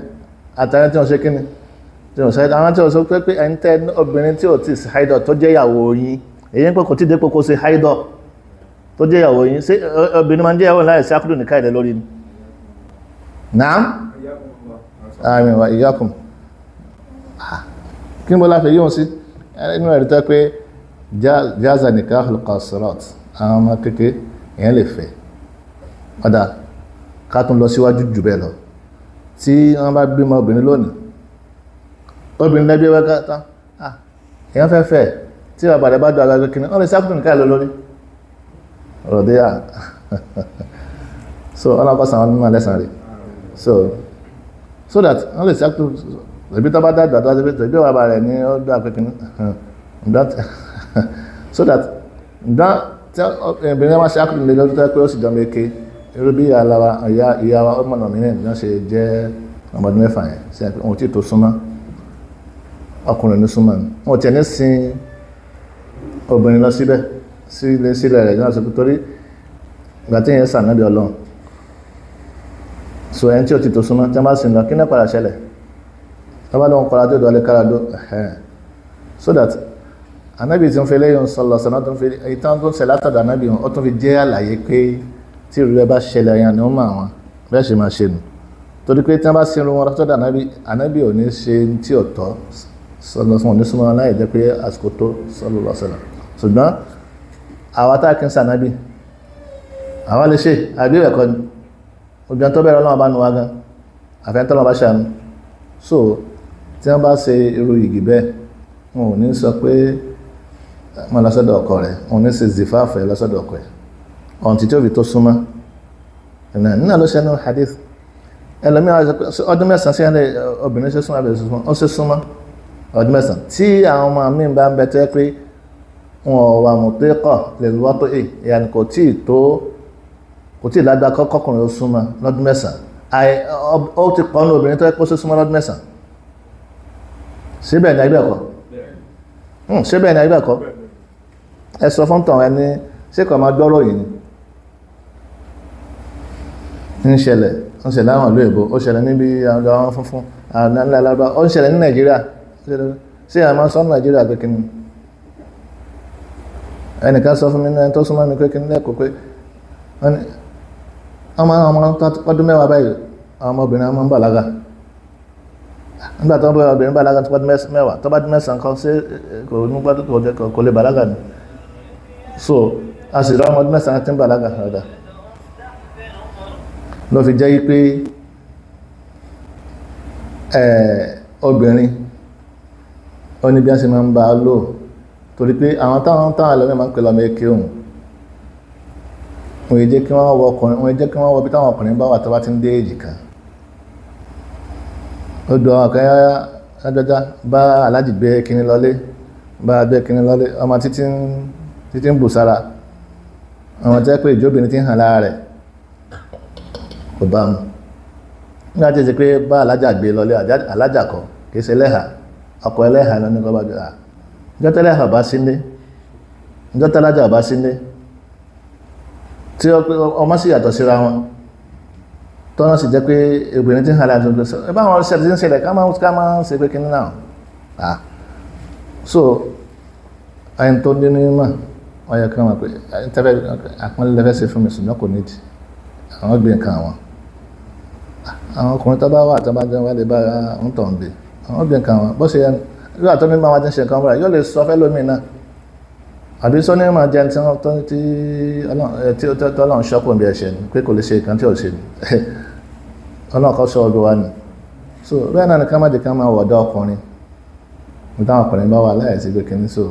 àtàrí tí wọ́n ṣe kí ni tí wọ́n ṣáìdà àwọn tí wọ́n sọ pé tó jẹ́ ìyàwó yín ṣé obìnrin máa ń jẹ́ ìyàwó láì sí akúrò nìka ìdẹ lórí ni naam àmì wa ìyákùn ah, kí n bọ́ láfẹ́ yíwọ́n sí inú ẹ̀rí pé jaza nikahul qasirat àwọn ọmọ kékeré èèyàn lè fẹ́ ọ̀dà ká tún lọ síwájú jù bẹ́ẹ̀ lọ tí wọ́n bá bímọ obìnrin lónìí obìnrin lẹ́bí ẹgbẹ́ ká tán ah, èèyàn tí bàbá rẹ̀ bá dọ̀ àgbà kékeré wọ́n lè sákùnrin káà lọ lórí ọ̀rọ̀ tó so ọlọ́pàá sàwọn mímọ̀ lẹ́sàn rẹ̀ so so that wọ́n lè ṣàkóso ẹbí tó bá dàgbà tó ṣe ẹbí wà bá rẹ̀ ní ọdún so that ǹdán tí obìnrin wọn ṣe àkóso lè lọ́dún tó yẹ pé ó sì dán méke irú bí aláwa ìyá wa ọmọ náà mìíràn ìdán ṣe jẹ́ ọmọdún mẹ́fà yẹn ṣe àpẹ òun tí tó súnmọ́ ọkùnrin ní súnmọ́ ni wọn ò sin obìnrin lọ síbẹ̀ sílẹ̀ sílẹ̀ rẹ̀ náà sọ pé torí ìgbà tí yẹn sàn náà bí ọlọ́run so ẹni tí ó ti tò súnmọ́ tí wọ́n bá sì ń lọ kí náà padà ṣẹlẹ̀ tọ́ba ló ń kọ́ra tó dọ̀lẹ́ kára dó so that anabi tí ń fi eléyìí ń sọ lọ sọ̀nà tó ń fi ìtàn tó ń ṣẹlẹ̀ látọ̀dọ̀ anabi wọn ó tún fi jẹ́ àlàyé pé tí ìrú ẹ bá ṣẹlẹ̀ yẹn ni wọ́n mọ àwọn bẹ́ẹ̀ ṣe máa ṣe nù torí pé tí wọ́n bá sì ń ro wọn látọ̀dọ̀ anabi anabi ò ní ṣe tí ò tọ́ sọlọ fún onísùnmọ́ aláìjẹ́ pé àsìkò tó sọlọ lọ sọlọ ṣùgbọ́n àwa kí ń sànábì àwa lè ṣe àgbéwẹ̀ kọ́ ni obìnrin tó bẹ̀rẹ̀ ọlọ́run bá nu wa gan bá ṣàánú so tí wọ́n bá ṣe irú yìgì bẹ́ẹ̀ wọn ò ní sọ pé wọn lọ ọkọ rẹ̀ wọn ní ọkọ rẹ̀ tó súnmọ́ ẹ̀nà nínú ló ṣe hadith ẹlòmíràn ọdún mẹ́sàn-án sí ẹni obìnrin ṣe súnmọ́ ọdún wọn wà mùtíkọ̀ lè wọ́tọ̀ ì ìyàní kò tí ì tó kò tí ì lágbá kọ́kọ́kùnrin ó súnmọ́ lọ́dún mẹ́sàn-án ó ti kọ́ ní obìnrin tó yẹ kó ṣe súnmọ́ lọ́dún mẹ́sàn-án síbẹ̀ ní àgbẹ̀ kọ́ síbẹ̀ ní àgbẹ̀ kọ́ ẹ sọ fún tàn ẹni ṣé kò máa gbọ́rọ̀ yìí ni ń ṣẹlẹ̀ ń ṣẹlẹ̀ àwọn ìlú èbó ó ṣẹlẹ̀ níbi àwọn funfun àwọn ńlá ẹnìkan sọ fún mi ní ẹni tó súnmọ́ mi pé kí n lẹ́kọ̀ọ́ pé ọmọ ọmọ ọdún mẹ́wàá báyìí ọmọbìnrin ọmọ ń bàlágà nígbà tó ń bọ̀ ọmọbìnrin bàlágà tó bá dín mẹ́wàá tó bá dín mẹ́sàn-án kan ṣé kò ní gbọ́dọ̀ kò jẹ́ kò lè bàlágà ni so a sì rọ ọmọ ọdún mẹ́sàn-án tí ń bàlágà rẹ̀ ló fi jẹ́ yí pé obìnrin ó ní bí wọ́n ṣe máa ń bá a lò torí pé àwọn táwọn táwọn ẹlẹ́mìí máa ń pè lọ́mọ eke òun wọ́n jẹ́ kí wọ́n wọ ọkùnrin wọ́n jẹ́ kí wọ́n wọ bí táwọn ọkùnrin bá wà tó bá ti ń dé èjì kan ó do àwọn kan yára lájọjá bá aláàjì gbé kinní lọlé bá gbé kinní lọlé ọmọ títí ń títí ń bù sára àwọn tẹ́ pé ìjóbìnrin ti ń hàn lára rẹ̀ kò bá mu nígbà tí ó ṣe pé bá alájà gbé lọlé alájà kọ kì í ṣe ẹlẹ́hà ọkọ̀ ẹlẹ́hà lọ́nà ìjọ́tẹ́lẹ̀ àbá sílé ìjọ́tẹ́lájà àbá sílé tí ọmọ sì yàtọ̀ síra wọn tọ́nà sì jẹ́ pé obìnrin tí ń hàlà àjọ gbèsè ẹ bá wọn ṣẹlẹ̀ tí ń ṣẹlẹ̀ ká máa ká máa ṣe pé kíní náà à so ẹni tó dín ní mọ̀ wọ́n yẹ kí wọ́n pé tẹ́lẹ̀ àpọ́nlé lẹ́fẹ́ ṣe fún mi ṣùgbọ́n kò nídìí àwọn gbé nǹkan àwọn àwọn ọkùnrin tó bá wà tó bá jẹun wá lè bá ń tọ̀ ń gbé àwọn gbé nǹkan àwọn bó ṣe yẹn nígbà tó ní máa wá ti ń ṣe nǹkan fúnra yóò lè sọ fẹ́lómi náà àbí sọ ní máa jẹ tí ọlọ́run ṣọ́kùn bí ẹ̀ṣẹ̀ ni pé kò lè ṣe nǹkan tí ò ṣe ni ọlọ́run kọ́ sọ ọdún wa ni so bẹ́ẹ̀ náà ni ká má di ká máa wọ̀dọ́ ọkùnrin nítawọn ọkùnrin bá wà láìsí pé kìíní so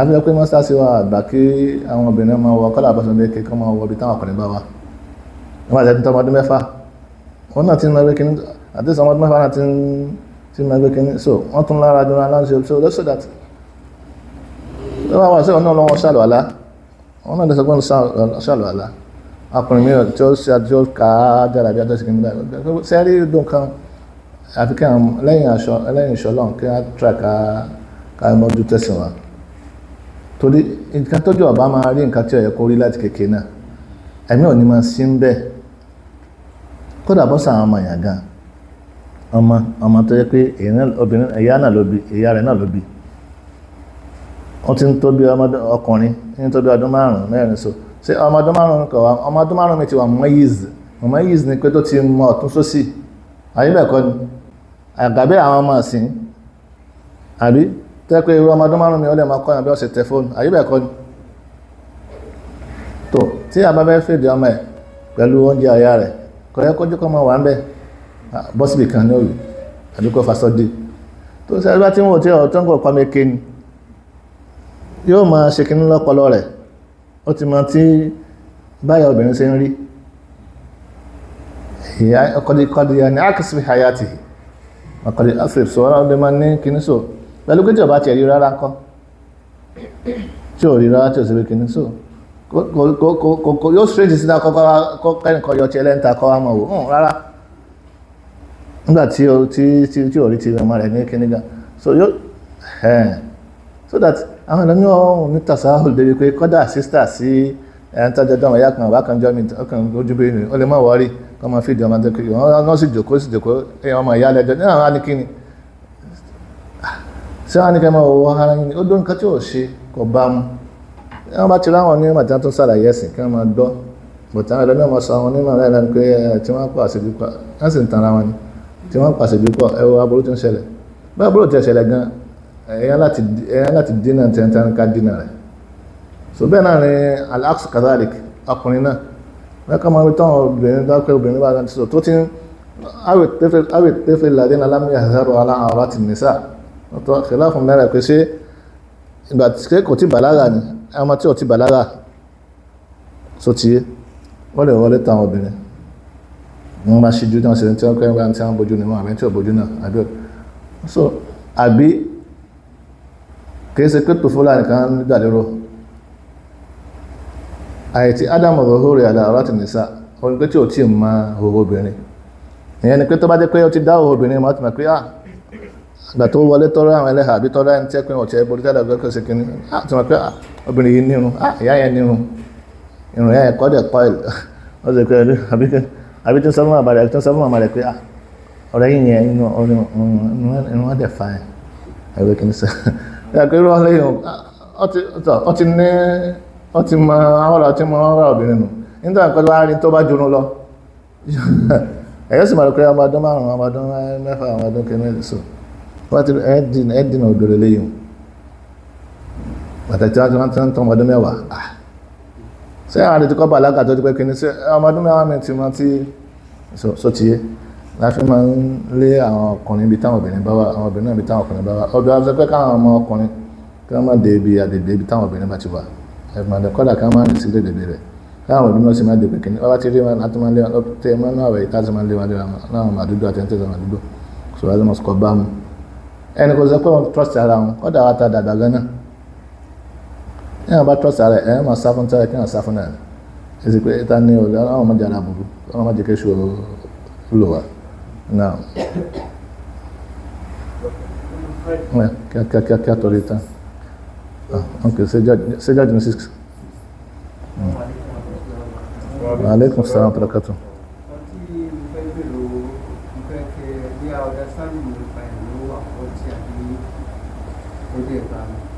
àbíyọ pé mọ́sá sí wa àgbà kí àwọn obìnrin máa wọ kọ́lá àbọ̀sọ̀dé kí kọ́ máa wọ ibi táwọn ọkùnrin bá wà wọ́n máa jẹ́ tuntun ọmọdún mẹ́fà wọ́n náà ti ń lọ pé kìíní àti tí ma gbé kíní so wọ́n tún lára dúnra láńṣe so lọ́sọ that lọ́wọ́ àwọn àṣẹ ọ̀nà ọlọ́wọ́ ṣàlùwàlá wọ́n náà lọ́sọ̀gbọ́n ṣàlùwàlá ọkùnrin mìíràn tí ó ṣe àjọ ká dára bí adọ́sí kìíní dára sẹ́rí dùn kan àfi kí lẹ́yìn aṣọ lẹ́yìn ìṣọ́ lọ́n kí á tra ká ká mọ́jú tẹ̀sán wa torí nǹkan tójú ọba máa rí nǹkan tí ó yẹ kó rí láti kékeré náà ẹ̀mí ò ní máa sí ń bẹ́ẹ̀ kódà bọ́sà àwọn ọmọ èèyàn gan-an Ọma ọma tó yẹ pé obìnrin ìyá náà ló ìyá rẹ̀ náà ló bí wọ́n ti ń tó bí ọkùnrin ń tó bí ọdún mẹ́rin so ṣé ọmọ ọdún márùn-ún kọ̀ mi ti wà mọ́ yíz mọ́ yíz ni pé tó ti mọ ọ̀tún sósì ni àwọn ọmọ àbí mi ó lè máa kọ́ bí ọ̀sẹ̀ tẹ fóònù ni tó tí a bá fèdè ọmọ ẹ̀ pẹ̀lú oúnjẹ àyà rẹ̀ yẹ kójú kọ́ wà bọ́sibì kan ní òyìn àbí kó fasọ́ dé tó sẹ́yìn bá tí wọ́n ti ọ̀tọ́ ń kọ̀ pa mẹ́kẹ́ ni yóò máa ṣe kínní lọ́pọlọ rẹ̀ ó ti mọ tí báyọ̀ obìnrin ṣe ń rí ìyá ọkọ̀dé ya ni akisibi hayati ọkọ̀dé asif sọ ọ́nà ọdún máa ní kínní sọ pẹ̀lú pé tí ọba tiẹ̀ rí rárá kọ́ tí ò rí rárá tí ò sì rí kínní sọ yóò ṣèjì sí náà kọ́kọ́ kẹ́nìkan yọ ti ẹlẹ́ńta kọ́ wa mọ̀ wò rárá nígbà tí o tí tí tí ọ̀rí ti ọmọ rẹ̀ ní kíní gan so yóò ẹ̀ẹ́n so that àwọn ènìyàn ọ̀hún ní tasahul débi pé kọ́dà sísítà sí ẹ̀ẹ́n tọ́jọ́ dánwò ẹ̀yà kan ọ̀bákan jọ́ mi ọkàn ojú bí mi ó lè má wọ́ọ́rí kọ́ máa fìdí ọmọ dẹ́kun yìí wọ́n náà sì jòkó sì jòkó ẹ̀yàn ọmọ ìyá lẹ́jọ́ ní àwọn anìkíni ṣé wọn á ní kẹ́ máa wọ ara yín ó dún nǹkan tí ò ṣe kò bá mu wọn bá ti ráwọn ní màtí wọn tún ṣàlàyé ẹ̀sìn kí wọn máa gbọ́ bọ̀tán ẹ̀rọ náà sọ àwọn onímọ̀ ẹ̀rọ ẹ̀rọ pé tí wọ́n pàṣẹ jù pa wọ́n sì ń tanra wọn ni tí wọ́n pàṣẹ bí pọ̀ ẹ̀rọ aburú ti ń ṣẹlẹ̀ bí aburú ti ṣẹlẹ̀ gan ẹ̀yà láti ẹ̀yà láti dínà tẹ̀ntẹ̀n ká dínà rẹ̀ so bẹ́ẹ̀ náà ni al-aqsu kadhalik ọkùnrin náà wọ́n kà máa ń tán obìnrin bá pẹ́ obìnrin bá ti sọ tó ti ń awè tẹ́fẹ́ ladin alámìyà zero aláhàrá ti nìsà ọ̀tọ̀ ṣẹlá fún mẹ́rẹ̀ pé ṣé ìgbà tí kò ti bàlágà ni ọmọ tí ò ti bàlágà so ti wọ́n lè wọlé tàwọn obìnrin wọ́n bá ṣíjú tí wọ́n ṣe tí wọ́n kọ́ ẹgbẹ́ tí wọ́n bójú ni wọ́n àbẹ́ tí ò bójú náà àbí so àbí kìí ṣe pé tòfólà nìkan nígbà lérò àìtí ádámù ọ̀hóre àdá ọ̀rọ̀ àti nìsa orin pé tí ò tí ì ma òhò obìnrin ìyẹn ni pé tó bá jẹ́ pé ó ti dá òhò obìnrin mọ́ ti mọ̀ pé àgbà ah, tó wọlé tọ́rọ̀ àwọn ẹlẹ́hà àbí tọ́rọ̀ ẹni tí ẹkùn ọ̀tí ẹbọ̀dí tẹ́lẹ̀ ọgbẹ́kọ̀ ah, sí kìíní àti pé ah, obìnrin yìí nírun ìyá yẹn nírun ìrùn yẹn kọ́ dẹ̀ kọ́ ẹ̀ àbí tó ń sọ fún bàbá rẹ̀ tó ń sọ fún màmá rẹ̀ pé ah ọ̀rẹ́ yìí yẹn inú ọ̀rẹ́ inú wọn dẹ̀ fa ẹ̀ ẹ̀rọ kìíní sọ ẹ̀kọ́ irú ọ̀rẹ́ yìí ọ ti ní ọ ti mọ ọ̀rọ̀ ọtí mọ ọ̀rọ̀ obìnrin nù nígbà kan bá rí tó bá jurun lọ ẹ̀yọ́ sì máa rò pé ọmọ ọdún márùn-ún ọmọ ọdún mẹ́fà ọmọ ọdún kìíní sọ ẹ̀ẹ́dìnà wọ́n ti ń ṣé àwọn àdètí kọ́ bàlágà tó ti pẹ́ kíní ṣé ọmọ ọdún mẹ́wàá mi ti mọ tí sọ ti yé la fi máa ń lé àwọn ọkùnrin ibi táwọn obìnrin bá wà àwọn obìnrin náà ibi táwọn ọkùnrin bá wà obìnrin àwọn afẹ́fẹ́ káwọn ọmọ ọkùnrin kí wọ́n má dé ibi àgbègbè ibi táwọn obìnrin bá ti wà ẹ̀fọ̀mọ̀dé kọ́dà ká má rìn sílé dèbè rẹ̀ káwọn obìnrin náà sì má dèbè kíní ọba ti rí wọn láti máa lé wọn tẹ ẹ máa ń àwẹ̀ láti máa lé wọn lé wọn trust ara wọn kọ́dà wa ta náà ẹ̀ wọ́n bá trọ́ọ̀sì ara ẹ̀ ẹ̀ máa sá fún tẹ́lẹ̀ kí wọ́n sá fún náà ẹ̀ sì pé ìta ní olè ọlọ́run máa jẹ́ra burú ọlọ́run máa jẹ́ kéṣù lò wá náà kíákíákíá torí tán ah, ok ṣé jáde ní six. Hmm. Aleykum salaam wa rahmatulah. Ọdẹ ìbámu.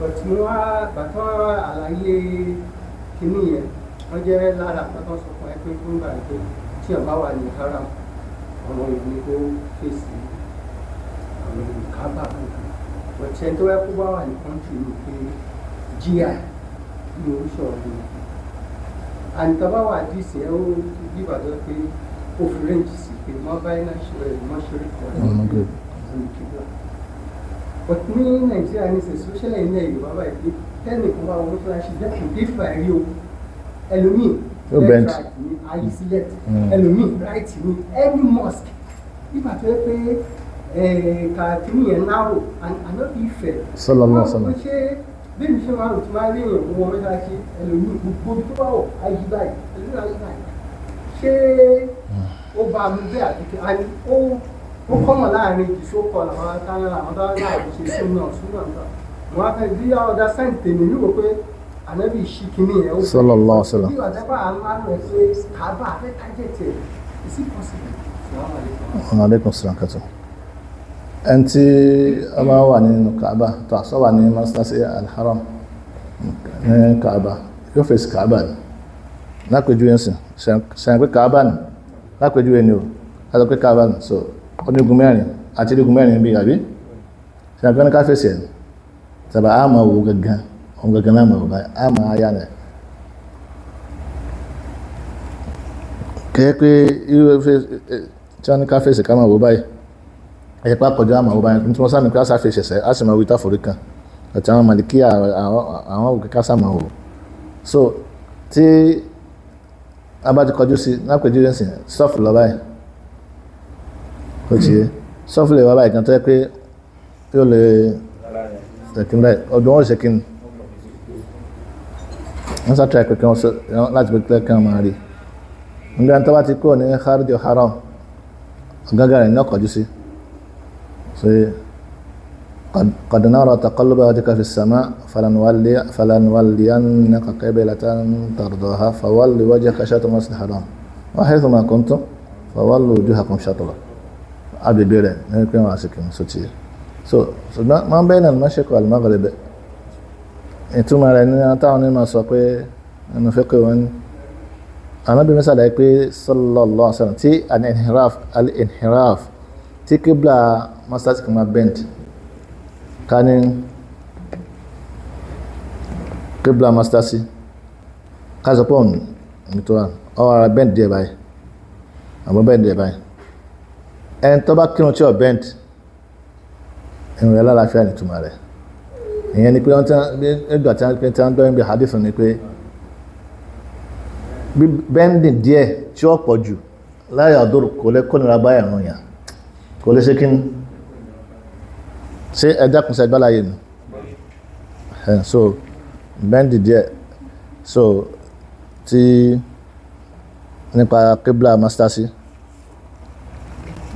bọ̀tún wá bàtọ́ àlàyé kínní yẹn wọ́n jẹ́ lára àpàtàn sọ fún fún ìgbà tí ọba wà ní haram ọmọ ìlú kó fèsì àwọn olùkábà bọ̀tún ẹni tó wẹ́ kó bá wà ní kọ́ńtì ní pé jíà ní oríṣi ọ̀run àǹtọ́bá wà díìsì ẹ ó bíbà tó pé ó fi rẹ́ǹtì sí pé mọ́ báyìí náà ṣe rẹ̀ mọ́ ṣe rí kọ́ ọ̀run kí wọ́n but ní nàìjíríà ní sè sọ́ṣẹ́lẹ̀ ilẹ̀ yorùbá báyìí pé tẹ́nìkan bá wọlé fúláṣí dẹ́kun dẹ́fà rí o ẹlòmíì left right ni ayé sí left mm. ẹlòmíì right ni any mosque nígbà tó yẹ pé eh, kàkiri yẹn náwó ànábì ìfẹ́ sọlọ́lọ́ sọlọ́ ṣé bẹ́ẹ̀ mi ṣe máa rò tí máa rí èèyàn wọ mẹ́tàṣí ẹlòmíì gbogbo tó bá wọ̀ ayé báyìí ẹlòmíì ayé báyìí ṣé mm. ó bá mi bẹ́ẹ̀ àti ó kọ́mọ̀ láàrin ìṣókọ̀ làwọn atáyọ̀ àwọn atáyọ̀ àwọn ṣe súnà súnà gbà wọn á fẹ́ bí ọ̀dà sáyẹ̀ǹtì tèmi ní wò pé ànábì ṣì kìíní ẹ̀ ó sallallahu sallam bí ni lápèjúwe ń sìn ṣàǹpé ni lápèjúwe ni o lápèjúwe kàbá ni so onígun mẹ́rin àti onígun mẹ́rin bí àbí ṣe àgbẹ́ni ká fèsì ẹ̀ tàbí a máa wo gangan ohun gangan náà máa wò báyìí a máa yá nà kẹ́ẹ́ pé irú tí wọ́n ní ká fèsì ká máa wò báyìí ẹ̀yẹ pa kọjá a máa wò báyìí tí wọ́n sá ní ká sáfèsì ẹ̀sẹ̀ a sì máa wí táforí kan àti àwọn màlìkí àwọn òkè ká sá máa wò so tí a bá ti kọjú sí lápèjúwe sí lọ báyìí ó ti yé sọ́ọ̀fù lè wá báyìí kan tó yẹ pé yóò lè ṣèkín báyìí ọdún wọn ṣèkín wọn ṣàtúnyà pé kí wọn ṣe láti pé kí wọn máa rí nígbà tó bá ti kúrò ní kárìdì haram ọ̀gágá rẹ̀ ní ọkọ̀jú sí ṣe kọ̀dùnárọ̀ taqalluba wajhika fi sama falanwalliyannaka qiblatan tardaha fawalli wajhaka shatr masjidil haram wa haythuma kuntum fawallu wujuhakum shatrahu agbègbè rẹ̀ ní pé wọ́n àsìkò ní sotí so ṣùgbọ́n wọ́n bẹ́ẹ̀ náà mọ́ṣẹ́kọ̀ àlùmọ́gọ̀lẹ́bẹ̀ ìtumọ̀ rẹ̀ ní táwọn onímọ̀ sọ pé ẹnu fẹ́ pé wọ́n anábì mi sàlàyé pé sallallahu alaihi wasallam tí al-inhiraf al-inhiraf tí kíbla mọ́sálásí kan máa bend ká ní kíbla mọ́sálásí ká ọ̀ ara bend díẹ̀ e báyìí àmọ́ bend díẹ̀ e báyìí ẹni tó bá kírun tí ò bent irun rẹ̀ lálàáfíà nìtumọ̀ rẹ̀ ìyẹn ni pé wọ́n ti nígbà tí wọ́n ti ń dọ́yìn bí hadith ni pé bí bending díẹ̀ tí ó pọ̀ jù láyé àdúrò kò lè kónira báyà ràn yàn kò lè ṣe kí ni ṣé ẹja kùn sí ẹgbẹ́ so bending díẹ̀ so ti nípa kébìlà mastasi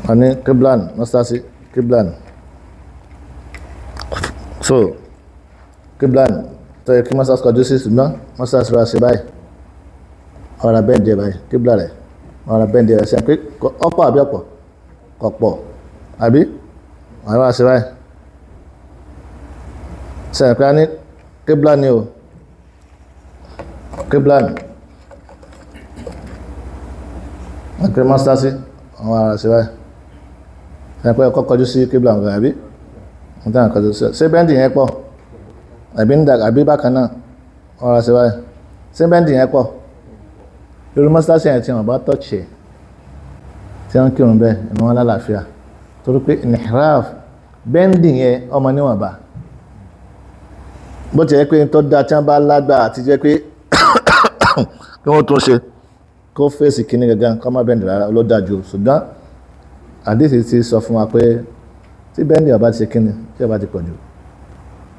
a ní kíblán mọ́sálásí kíblán so kíblán tó yẹ kí mọ́sálásí kọjú sí ṣùgbọ́n mọ́sálásí rà sí báyìí ọ̀rọ̀ bẹ́ẹ̀ díẹ̀ báyìí kíblán rẹ̀ ọ̀rọ̀ bẹ́ẹ̀ díẹ̀ sí pé ọ̀pọ̀ abi, ọ̀pọ̀ ọ̀pọ̀ àbí àwọn àṣẹ báyìí sẹ́yìn pé a ní kíblán ni o kíblán akérè mọ́sálásí àwọn àṣẹ báyìí ẹ̀pẹ́ ọkọ̀ kọjú sí kíbla ọ̀gá àbí wọ́n tàn kọjú sí ṣé bẹ́ndì yẹn pọ̀ àbí ń da àbí bákan náà ọ̀rọ̀ ṣe wáyé ṣé bẹ́ndì yẹn pọ̀ irú mọ́ṣáláṣí yẹn tí wọ́n bá tọ̀ọ̀ṣì tí wọ́n kírun bẹ́ẹ̀ ni wọ́n lálàáfíà torí pé nihraf bẹ́ndì yẹn ọmọ níwọ̀nba bó ti yẹ pé tó da tí wọ́n bá lágbà àti jẹ́ pé kí wọ́n tún ṣe kó fèsì kíní gangan kó má bẹ́ndì rárá ló dájú ṣùgbọ́n àdìsí ti sọ fún wa pé tí bẹ́ẹ̀ni ọba ti ṣe kíni tí ọba ti pọ̀ jù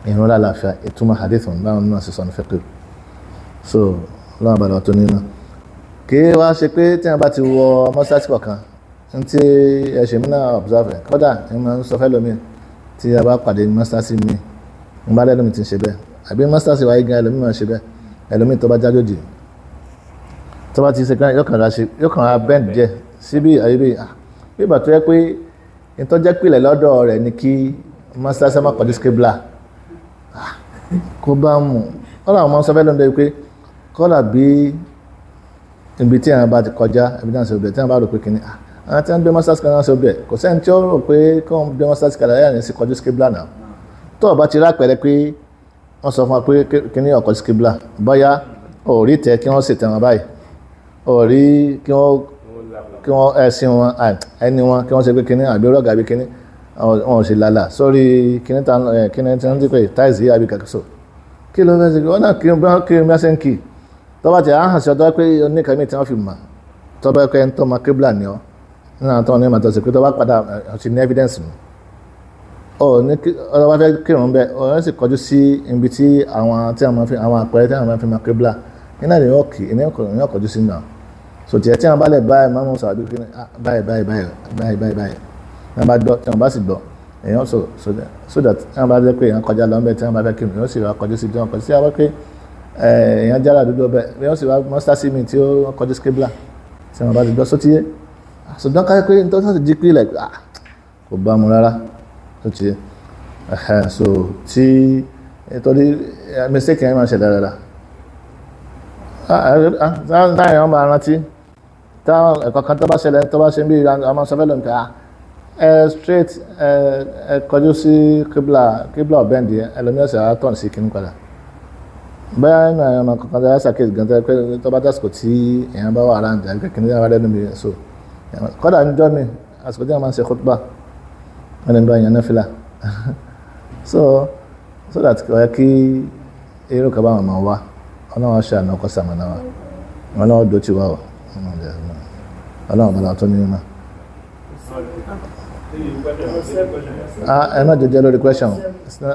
ìrún lálàáfíà ìtumọ̀ àdìsí ọ̀hún báwọn náà ṣe sọ ní fẹ́kẹ́ so lọ́wọ́n balẹ̀ ọ̀tún nínú. kí wá ṣe pé tí wọn bá ti wọ mọ́ṣáláṣí kọ̀ọ̀kan ń ẹ̀ṣẹ̀ mi náà observe kódà ń máa ń sọ fẹ́ lómi tí a bá pàdé mọ́ṣáláṣí mi ń bá lẹ́nu mi ti ń ṣe bẹ́ẹ̀ àbí mọ́ṣáláṣí wáyé gan ẹlòmíì máa ń ṣe bẹ́ẹ̀ ẹlòmíì tó bá jájòjì tó bá ti ṣe kán yóò kàn ra bẹ́ẹ̀ díẹ̀ síbí àyè bíi ah, bí ìgbà tó yẹ pé ìtọ́jẹ́ pìlẹ̀ lọ́dọ̀ rẹ̀ ni kí mọ́sálásí má kọjú sí kébìlà ah, kó bá mú kọ́lá àwọn ọmọ sọ́fẹ́ lóńdó pé kọ́lá bí ibi tí àwọn bá ti kọjá ibi tí àwọn sọ bẹ̀ tí àwọn bá rò pé kìíní ah, àwọn tí wọ́n gbé mọ́sálásí kan náà sọ bẹ̀ kò sẹ́ni tí ó rò pé kí wọ́n gbé mọ́sálásí kan láyà ní sí kọjú sí náà tó o bá ti rápẹ̀rẹ̀ pé wọ́n sọ fún wa pé kìíní ọkọ̀ sí kébìlà bóyá tẹ kí wọ́n sì tẹ̀ wọ́n báyìí òórí kí wọ́n kí wọ́n ẹ̀sìn wọn ẹni wọn kí wọ́n ṣe pé kínní àbí rọ́ọ̀gà àbí kínní wọn ò ṣe lálà sórí kínní tí wọ́n ti pè táìsì àbí kàkísò kí ló fẹ́ ṣe kí wọ́n náà kí wọ́n kí wọ́n ṣe ń kì í tọ́ba tí a hàn sí ọjọ́ pé oníkan mi tí wọ́n fi mọ̀ tọ́ba ẹ̀kọ́ ẹni tó mọ kébìlà ni ọ́ nínú àwọn tó ní màtọ́ sí pé tọ́ba padà ọ̀sìn ní evidence mi ọ ní ọlọ́wọ́ fẹ́ kírun bẹ́ẹ̀ ọ̀rọ̀ sì kọjú sí ibi tí àwọn tí àwọn àpẹẹrẹ tí àwọn máa fi mọ kébìlà nínú àdéhùn ọ̀kì ìní ọ̀kọ̀jú sí náà sòtìyẹ tí wọn bá lẹ báyìí máa mọ sàdúrà pé ah, báyìí báyìí báyìí báyìí báyìí báyìí wọn bá gbọ́ tí wọn bá sì gbọ́ èèyàn sọ so that tí wọn bá fẹ́ pé èèyàn kọjá lọ ńbẹ tí wọn bá fẹ́ kí èèyàn sì wá kọjú sí bí wọn kọjú sí wọn pé eh, èèyàn jára àdúgbò bẹ èèyàn sì wá mọ́sítà sí mi tí ó kọjú sí kébìlà tí wọn bá ti gbọ́ sótìyẹ ṣùgbọ́n ah, káyọ̀ pé nítorí wọn ti jí pé like ah kò bá mu rárá sótìyẹ so tí nítorí eh, mistake yẹn máa ṣẹlẹ̀ táwọn ẹ̀kọ́ eh, kan tó bá ṣẹlẹ̀ tó bá ṣe ń bí ọmọ sọfẹ́lẹ̀ nǹkan ah, ẹ straight ẹ ẹ kọjú sí kíbla kíbla ọ̀bẹ́ǹdì ẹlòmíọ̀sẹ̀ àtọ̀n sí kínní padà bẹ́ẹ̀ nínú àwọn ọmọ kankan tó bá ṣàkíyèsí gan tó bá dásìkò tí èèyàn bá wà ráǹdì àgbẹ̀ kínní àwọn ẹlẹ́nu mi so kọ́dà níjọ́ mi àsìkò tí wọ́n máa ń ṣe kótópà wọ́n lè gba èèyàn náà fìlà so so that kò yẹ kí eré kaba àwọn ọmọ wa ọlọ́wọ́ ṣàánú ọkọ̀ sàmọ̀nà wa ọlọ́wọ́ dòtí wa o nínú ilé ẹ̀rọ ọlọ́run bala tó ní mímọ́. ẹ má jẹjẹ lórí question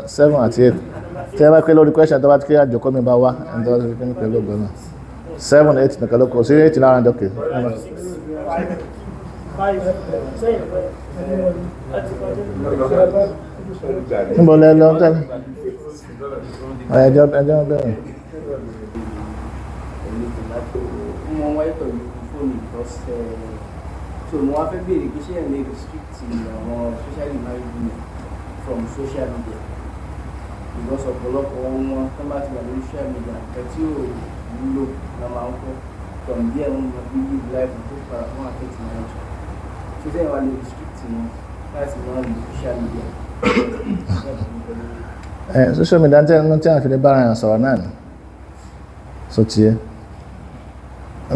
seven àti eight tí a bá pé lórí question tó bá kí àjọkọ́ mi bá wá ẹni tó bá kí ní pẹ̀lú ọgbẹ́ náà seven eight nìkan ló kọ sí eight lára dọ́kẹ́. ẹjọ́ bẹ̀rẹ̀ phone because uh, so mo wá fẹ́ béèrè pé ṣé ẹ̀ lè restrict àwọn socially married women from social media because ọ̀pọ̀lọpọ̀ wọn tó bá ti wà lórí social media nǹkan tí ò wúlò la máa ń kọ́ from there wọn máa bí live life tó para fún àkẹ́tì marriage so sẹ́yìn wá lè restrict wọn láti máa lo social media. Eh, social media ń tẹ́ ẹ̀ ń tẹ́ àfihàn bára yàn sọ̀rọ̀ náà ni so tiẹ̀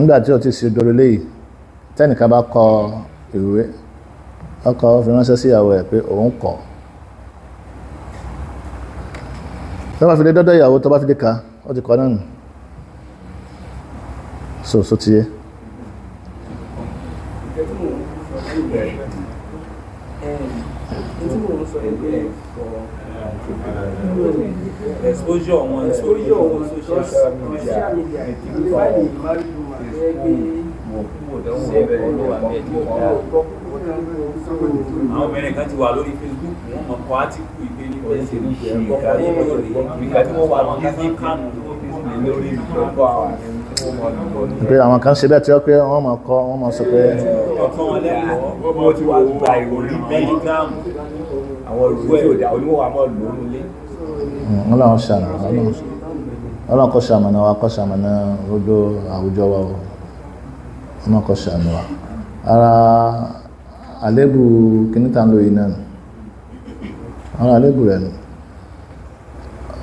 nígbà tí o ti sì dòrò léyìí tẹ́nìkan bá kọ ìwé ọkọ fi ránṣẹ́ sí ìyàwó ẹ̀ pé òun kọ̀ tó bá fi lé dọ́dọ̀ ìyàwó tó bá fi lé ka ó ti kọ́ náà nù so so ti exposure wọn social media àwọn obìnrin kan ti wà lórí Facebook wọn mọ kọ átíkù ìgbé ní ọ̀sẹ̀ ní ṣe ìkàrí lórí ìgbà tí wọ́n wà ní ní kánú lórí ìjọba pé àwọn kan ṣe bẹ́ẹ̀ tí ó pé wọ́n mọ̀ kọ́ wọ́n mọ̀ sọ pé ọ̀kan wọn lẹ́kọ̀ọ́ wọ́n ti wà gba ìròyìn mẹ́lígráàmù àwọn ìlú ẹ̀ òdà oníwọ̀ àmọ́ lòún lé. ọlọ́run ṣàmùnà ọlọ́run kọ́ ṣàmùnà wa kọ́ ṣàmùnà gbogbo àwùjọ wa o ọmọ kọ ṣàánú wa ara àlébù kìnnìtà ń lo yìí náà ara àlébù rẹ̀ nù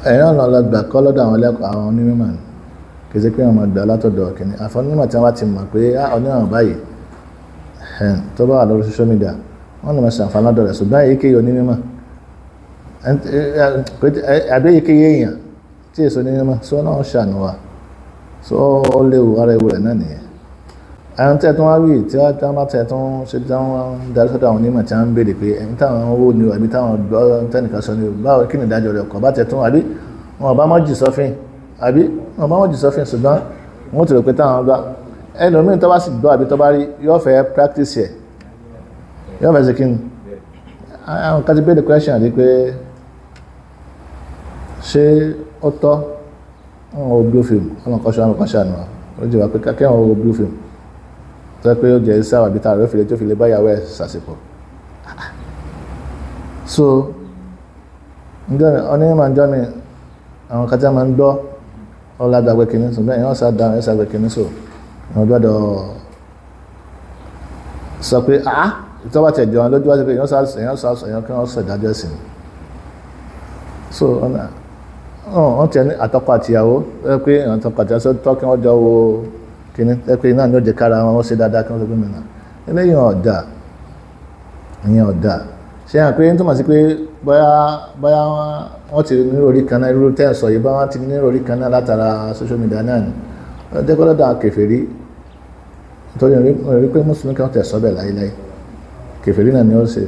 ẹ̀yìn ọ̀nà ọlọ́gbà kọ́ lọ́dọ̀ àwọn ẹlẹ́kọ̀ọ́ àwọn onímọ̀ ni kìí ṣe pé àwọn ọgbà látọ̀dọ̀ kìíní àfọ̀nímọ̀ tí wọ́n ti mọ̀ pé ah, onímọ̀ báyìí tó bá wà lórí social media wọ́n lè máa ṣàǹfààní lọ́dọ̀ rẹ̀ ṣùgbọ́n èyíkéyìí onímọ̀ àbí èyíkéyìí èèyàn tí èso onímọ̀ sọ náà ṣàánú wa sọ ó léwu ara ewu rẹ̀ náà nìyẹn àwọn tí ẹ tún wá rí tí wọ́n bá tẹ tún ṣe tí wọ́n darí sọ́dọ̀ àwọn onímọ̀ tí wọ́n ń béèrè pé ẹni táwọn owó ni àbí táwọn gbọ́ tẹnìkan sọ ni báwo kí ni ìdájọ́ rẹ̀ kọ̀ bá tẹ tún àbí wọn bá mọ́jì sọ́fìn àbí wọn bá mọ́jì sọ́fìn ṣùgbọ́n wọn ti rò pé táwọn gbà ẹlòmíì tó bá sì gbọ́ àbí tó bá rí yóò fẹ́ practice ẹ̀ yóò fẹ́ ṣe kí ni àwọn kan ti béèrè question àti pé ṣé ó tọ́ wọn ò blue film ọlọ́kọ́ṣọ́ àwọn kọ́ṣà nù ó jẹ́ wá pé kákẹ́ wọn ò blue tó pé ó jẹ́ sáà àbí tààrà òfìlẹ̀ tó fi lè báyàwó ẹ̀ sàṣepọ̀ so onímọ̀jọ́ mi àwọn kan tí a máa ń gbọ́ ọlágbàgbé kìíní ṣùgbọ́n èèyàn sá dáhùn ẹ̀ sàgbé kìíní so èèyàn gbọ́dọ̀ sọ pé ah ìtọ́wà tẹ̀jọ́ lójú wájú pé èèyàn sá èèyàn sá èèyàn kí wọ́n sọ ìdájọ́ ẹ̀sìn so ọ̀nà ọ̀n tiẹ̀ ní àtọ́kọ̀ àtìyàwó pé èèyàn tọkọ̀ àtìyàwó tọ́ kí wọ́n jọ wo kíní ẹ̀pẹ́ iná ni ó jẹ́ kára wọn ó ṣe dáadáa kí wọ́n sọ pé mìíràn eléyìí ọ̀dà ìyẹn ọ̀dà ṣe hàn pé nítorí sí pé bóyá bóyá wọ́n ti níròrí kan náà irú tẹ́ǹsọ̀ yìí bá wọ́n ti níròrí kan náà látara social media náà ni dẹ́kọ́dọ́dà kèfèrí nítorí rí pé mùsùlùmí kan tẹ̀ sọ́bẹ̀ láíláí kèfèrí náà ni ó ṣe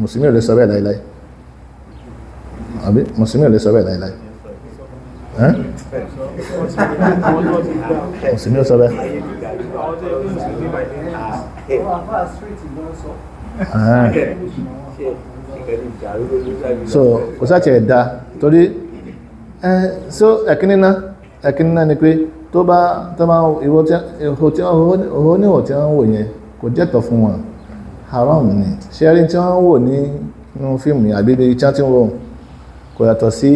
mùsùlùmí ò lè sọ́bẹ̀ láíláí àbí mùsùlùmí ò lè sọ́bẹ̀ láíláí mùsùlùmí ló sọ bẹ́ẹ̀. so kò sáàtì ẹ̀dá torí so ẹ̀kíní náà ẹ̀kíní náà ni pé tó bá tó bá ìwọ tí òhó níwọ̀ tí wọ́n wò yẹn kò jẹ́tọ̀ fún wọn haram ni ṣẹ́rí tí wọ́n wò nínú fíìmù àbí ibi tí wọ́n ti ń wò kò yàtọ̀ sí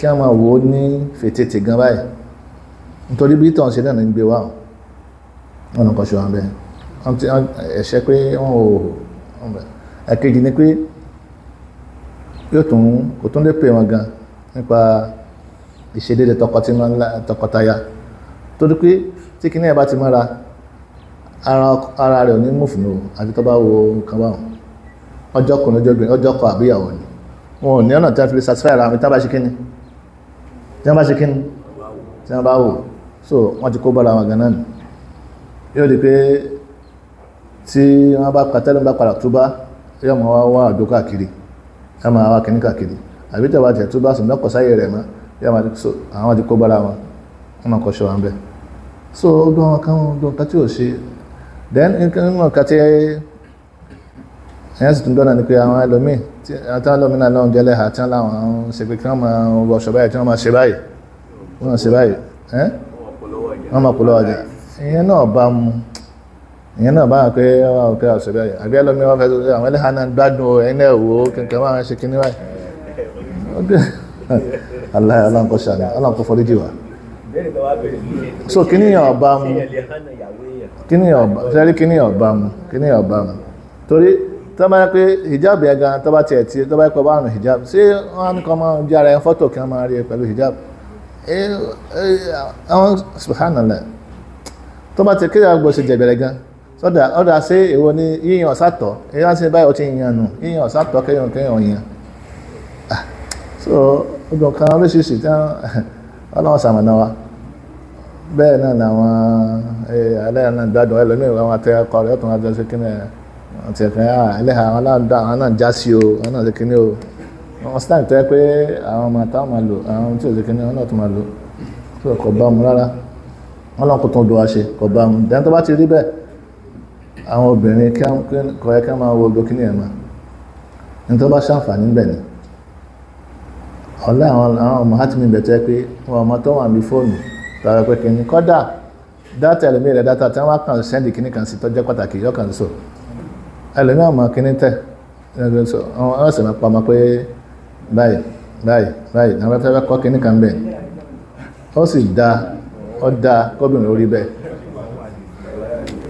kí a máa wò ó ní fètètè gan báyìí nítorí bí tàn ṣe náà ń gbé wá wọn nǹkan ṣe wà ń bẹ ẹ̀ṣẹ́ pé wọn ò ẹ̀kejì ni pé yóò tún kò tún lè pè wọn gan nípa ìṣedéédé tọkọtaya torí pé tí kinní ẹ̀ bá ti mọ́ra ara rẹ̀ ò ní mú fún un àti tó bá wo nǹkan báwọn ọjọ́ kan lójó obìnrin ọjọ́ kan àbíyàwó ni wọn ò ní ọ̀nà tí wọ́n fi lè satisfy ara wọn tí wọ́n bá ṣe kí tí wọ́n bá ṣe kíni tí wọ́n bá wò so wọ́n ti kó bára wọn gan-an yóò di pé tí wọ́n bá katẹ́lẹ̀ bá padà túbá yóò mọ̀ wá wá àdó káàkiri yóò mọ̀ wá kíní káàkiri àbí tẹ̀ wá tẹ̀ túbá sùn lọ́kọ̀ rẹ̀ mọ́ yóò mọ̀ ti kó bára wọn wọ́n kọ́ so ọdún àwọn kan ọdún kan then nǹkan nínú ọ̀ka tí ẹ̀yẹ́ sì tún dọ́nà atálọ́mìnà náà jẹ́lẹ̀ àti aláwọn ṣe pé kí wọ́n máa rọṣọ báyìí tí wọ́n máa ṣe báyìí wọ́n ṣe báyìí wọ́n máa polówó ọjà ìyẹn náà bá mu ìyẹn náà bá wà pé ọwọ́ òkè ọ̀ṣọ́ báyìí àbí ẹlọ́mí wọn fẹ́ sọ pé àwọn ẹlẹ́hà náà gbádùn o ẹ̀yin náà wò ó kankan máa ṣe kíní báyìí aláì ọlọ́nkọ ṣàní ọlọ́nkọ foríjì wá. so kíní yẹn ọba mu kíní yẹn ọba mu torí tó bá yẹ pé hijab yẹn gan tó bá tiẹ̀ ti tó bá yẹ pé bá rùn hijab ṣé wọ́n á ní kọ́ máa bí ara yẹn fọ́tò kí wọ́n máa rí ẹ pẹ̀lú hijab àwọn subhanallah tó bá ti kí ìyá gbọ́sẹ̀ jẹ̀bẹ̀rẹ̀ gan sọ́dà ọ̀dà ṣé èwo ni yíyan ọ̀sàtọ̀ èyí wá sí báyìí ó ti yan nù yíyan ọ̀sàtọ̀ kẹyàn kẹyàn yan ah, so ọdún kan oríṣiríṣi tí ọlọ́run ṣamọ̀nà wa bẹ́ẹ̀ náà làwọn alẹ́ náà gbádùn ẹlòmíràn àwọn atẹ́kọ̀ọ́ rẹ̀ ọ̀tún adúlọ́sẹ̀ kí náà àti ẹ̀fẹ́ ah, ẹlẹ́hà àwọn aláǹdá àwọn náà já sí o àwọn náà o wọ́n sítáì tó pé àwọn ọmọ táwọn máa lò àwọn tí ò ṣe kíní wọn náà tó máa lò tó kò bá mu rárá wọn lọ́n kó tó do wa ṣe kò bá mu dẹ́n tó bá ti rí bẹ́ẹ̀ àwọn obìnrin kò yẹ kí wọ́n máa wo gbogbo kíní ẹ̀ máa ní tó bá ṣàǹfààní bẹ̀ ni ọ̀lẹ́ àwọn ọmọ hátìmí bẹ̀ tó yẹ pé wọn ọmọ tó wà fóònù tààrà pé kíní dátà ẹlòmíràn dátà tí kàn sẹ́ndì kíní kan sí pàtàkì ẹlẹ́ni àwọn akíní tẹ̀ wọ́n sì máa pamọ́ pé báyìí báyìí báyìí àwọn afẹ́ fẹ́ kọ́ kíní kan bẹ́ẹ̀ ó sì da ó da kóbìnrin orí bẹ́ẹ̀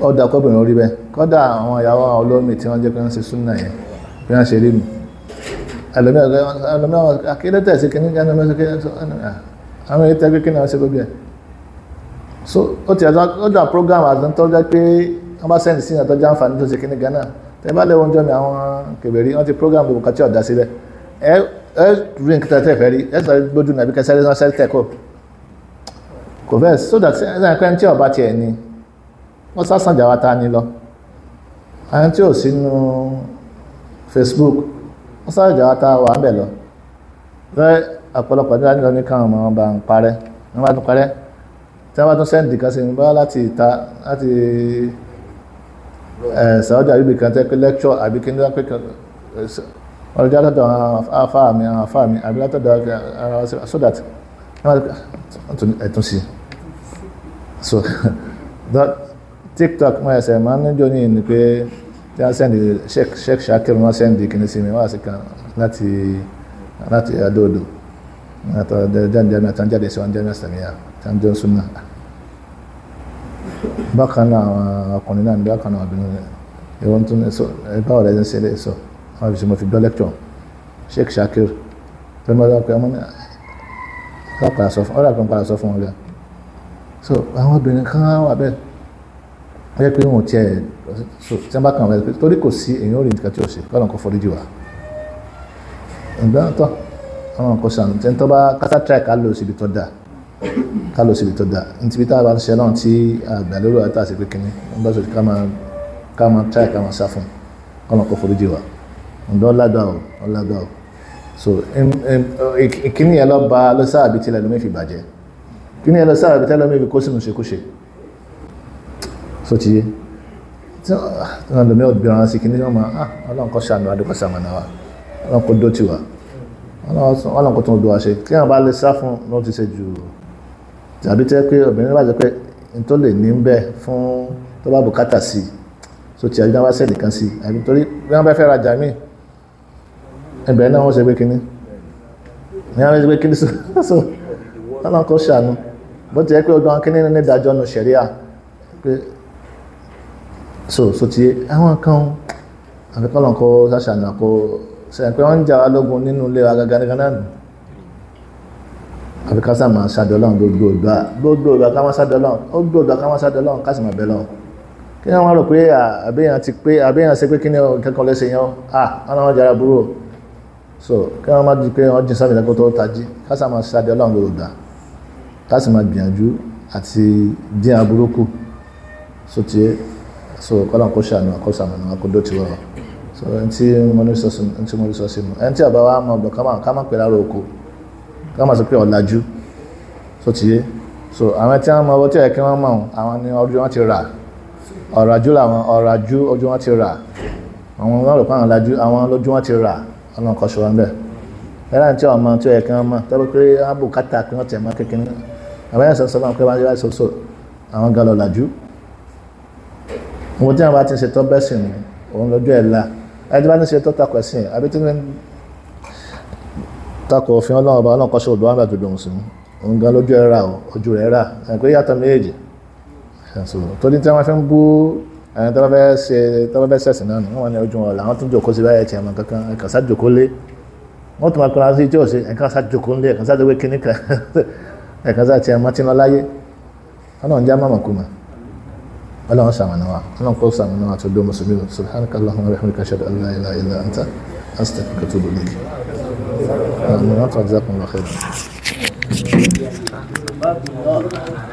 ó da kóbìnrin orí bẹ́ẹ̀ kódà àwọn ìyàwó olómi tí wọ́n jẹ́ pé wọ́n ṣe súnà yẹn bí wọ́n ṣe rí mi ẹlẹ́ni àwọn akíní tẹ̀ sí kíní kan àwọn èyí tẹ́ pé kíní gbogbo ẹ̀ so ó ti ọjà program àti tó jẹ́ pé wọ́n bá sẹ́ndì sí ìyàtọ̀ jẹ́ àǹfààní tó ṣe kíní gan náà tẹ bá lẹ́wọ̀n jọ́ mi àwọn kẹbẹ̀rí wọ́n ti program gbogbo kan tí ọ̀dà sílẹ̀ ẹ ẹ rí nǹkan tẹ́ fẹ́ rí ẹ sọ gbójú nàbí kẹsẹ́ rí sọ́sẹ́ tẹ̀ kọ́ kò fẹ́ so that ẹ sàn pé ẹni tí ọba tiẹ̀ ni wọ́n sásàn jà wá ta ni lọ ẹni tí ò sínú Facebook wọ́n sásàn jà wá ta wà ń bẹ̀ lọ lọ́ẹ́ ọ̀pọ̀lọpọ̀ ní wàá ní káwọn ọmọ bá ń parẹ́ wọ́n bá tún parẹ́ tí wọ́n bá tún sẹ́ǹdì kan sí ní bá láti ìta láti sàwọ́dì àbíbì kan tẹ́ pé lecture àbí kí ní wọ́n pé wọ́n lè játọ̀dọ̀ àfáà mi àwọn mi àbí látọ̀dọ̀ ara wọn so that ẹ̀tún sí so that tiktok mọ́ ẹsẹ̀ máa ń níjọ́ ní ni pé tí wọ́n sẹ́ndì sheikh shakir wọ́n sẹ́ndì kìíní sí mi wọ́n sì kan láti láti adóodò àtọ̀ jáde jáde sí wọn jáde sàmìyà tàbí jọ́ súnmọ́ bákan náà àwọn ọkùnrin náà ní bákan náà obìnrin náà ìwọ́n tún ẹ̀sọ́ ẹ̀bá ọ̀rẹ́ ẹ̀sìn ṣẹlẹ̀ ẹ̀sọ́ wọn fi ṣe mo fi gbọ́ lẹ́kítọ̀ Sheikh Shakir pẹ̀lú ọ̀rẹ́ ọkọ̀ ọmọ náà ọ̀rẹ́ àpẹẹrẹ sọ fún ọ̀rẹ́ so àwọn obìnrin kan wà bẹ́ẹ̀ wọ́n yẹ pé wọn ò tiẹ̀ so tí wọ́n bá kàn wọ́n torí kò sí èyàn ò rí nǹkan tí ò ṣe kọ́nà kò forí jì wá ìgbà tó àwọn kò sàn tí wọ́n bá kátà tíráì ká lò síbi tó dáa ká lọ síbi tó dáa níbi tá a bá ń ṣe náà tí àgbà lérò àtàṣe pé kínní ń bá sọ ká máa ká máa tíráì ká máa sá fún ọmọ kò foríjì wa ǹdọ́ ọ̀làdà ọ̀ ọ̀làdà ọ̀ so ìkíní ẹ lọ bá lọ sáàbì tí lẹnu mẹ́fì bàjẹ́ kíní ẹ lọ sáàbì tí lẹnu mẹ́fì kó sínú ṣekúṣe so ti yé tí wọn lọ mẹ́wọ̀ gbéra sí kíní wọn máa ah ọlọ́run kọ́ sànù adúgbò sàmànà wa ọlọ́run kò dó tiwa ọlọ́run kò tún odò wa ṣe kí wọn bá lè sá fún lọ́n ti ṣe jù ú tàbí tẹ́ pé obìnrin bá jẹ́ pé n tó lè ní bẹ́ẹ̀ fún tó bá bùkátà sí so tí àjọ wá sẹ́ẹ̀lì kan sí àbí torí bí wọ́n bá fẹ́ rajà míì ẹbẹ̀ náà wọ́n ṣe pé kínní ní wọ́n ṣe pé kínní so lọ́nà kó ṣàánú bó ti yẹ pé ọgbọ́n kínní ní ìdájọ́ nù ṣẹ̀ríà pé so so ti àwọn kan àfikọ́ lọ́nkọ́ ṣàṣàánú àkó sẹ́yìn pé wọ́n ń jà wá lógun nínú ilé wa gangan nù àfi ká sáà máa ṣàdọ̀ lọ́n gbogbo ìgbà gbogbo ìgbà ká máa ṣàdọ̀ lọ́n gbogbo ìgbà ká máa ṣàdọ̀ lọ́n ká sì máa bẹ̀ lọ́n kí wọ́n wá rò pé àbẹ́yàn ti pé àbẹ́yàn ṣe pé kí ni kankan lẹ́sẹ̀ yẹn à wọn àwọn jara burú so kí wọ́n má di pé wọ́n jìn sábẹ̀ lẹ́kọ́ tó tají ká sáà máa ṣàdọ̀ lọ́n gbogbo ìgbà ká sì máa gbìyànjú àti dín aburú kù so tiẹ́ so kọ́lá kó ṣàánú àkọ́sàmù àwọn akọ́dọ̀ tiwọ́ so ẹni tí mo ní sọ sí mu ẹni tí àbáwá mọ̀ bọ̀ ká má pè lára oko ká máa sọ pé ọ̀làjú tó ti yé so àwọn tí wọ́n mọ owó tí ẹ̀ kí wọ́n mọ̀ àwọn ni ọjọ́ wọn ti rà ọ̀ràjú làwọn ọ̀ràjú ọjọ́ wọn ti rà àwọn wọn rò pé àwọn ọ̀làjú àwọn lójú wọn ti rà ọlọ́run kan ṣọwọ́n bẹ́ẹ̀ lẹ́yìn tí ọmọ tí ó yẹ kí wọ́n mọ̀ tọ́pẹ́ pé wọ́n bù kátà pé wọ́n tẹ̀ mọ́ kékeré àwọn ẹ̀sán sọ fún pé wọ́n yára ṣoṣo àwọn gan lọ́làjú ohun tí wọ́n bá ti ṣe tọ́ bẹ́sìn òun lójú ẹ̀ la ẹni tí wọ́n ti ṣe tọ́ takọ̀ ẹ̀sìn àbí tí wọ́n takò òfin ọlọ́run ọba ọlọ́run kọ́ṣọ́ òdò àgbà dòdò òsìn òun gan lójú ẹ̀ rà ojú rẹ̀ rà ẹ̀ pé yàtọ̀ méjèèjì torí tí wọ́n fi ń bú ẹni tó bá fẹ́ ṣe tó bá fẹ́ ṣẹ̀sìn náà nù wọ́n ní ojú wọn làwọn tún jòkó sí báyẹn tí a máa kankan ẹ̀kan sá jòkó lé wọ́n tún máa kọ́ra sí tí ò sí ẹ̀kan sá jòkó lé ẹ̀kan sá kíní kan ẹ̀kan sá tí a máa lọ láyé ọlọ́run já mọ̀mọ̀ kú ọlọ́run ṣàmùnà wa ọlọ́run kó ṣàmùnà wa tó dó mùsùlùmí Jazakumullah khairan.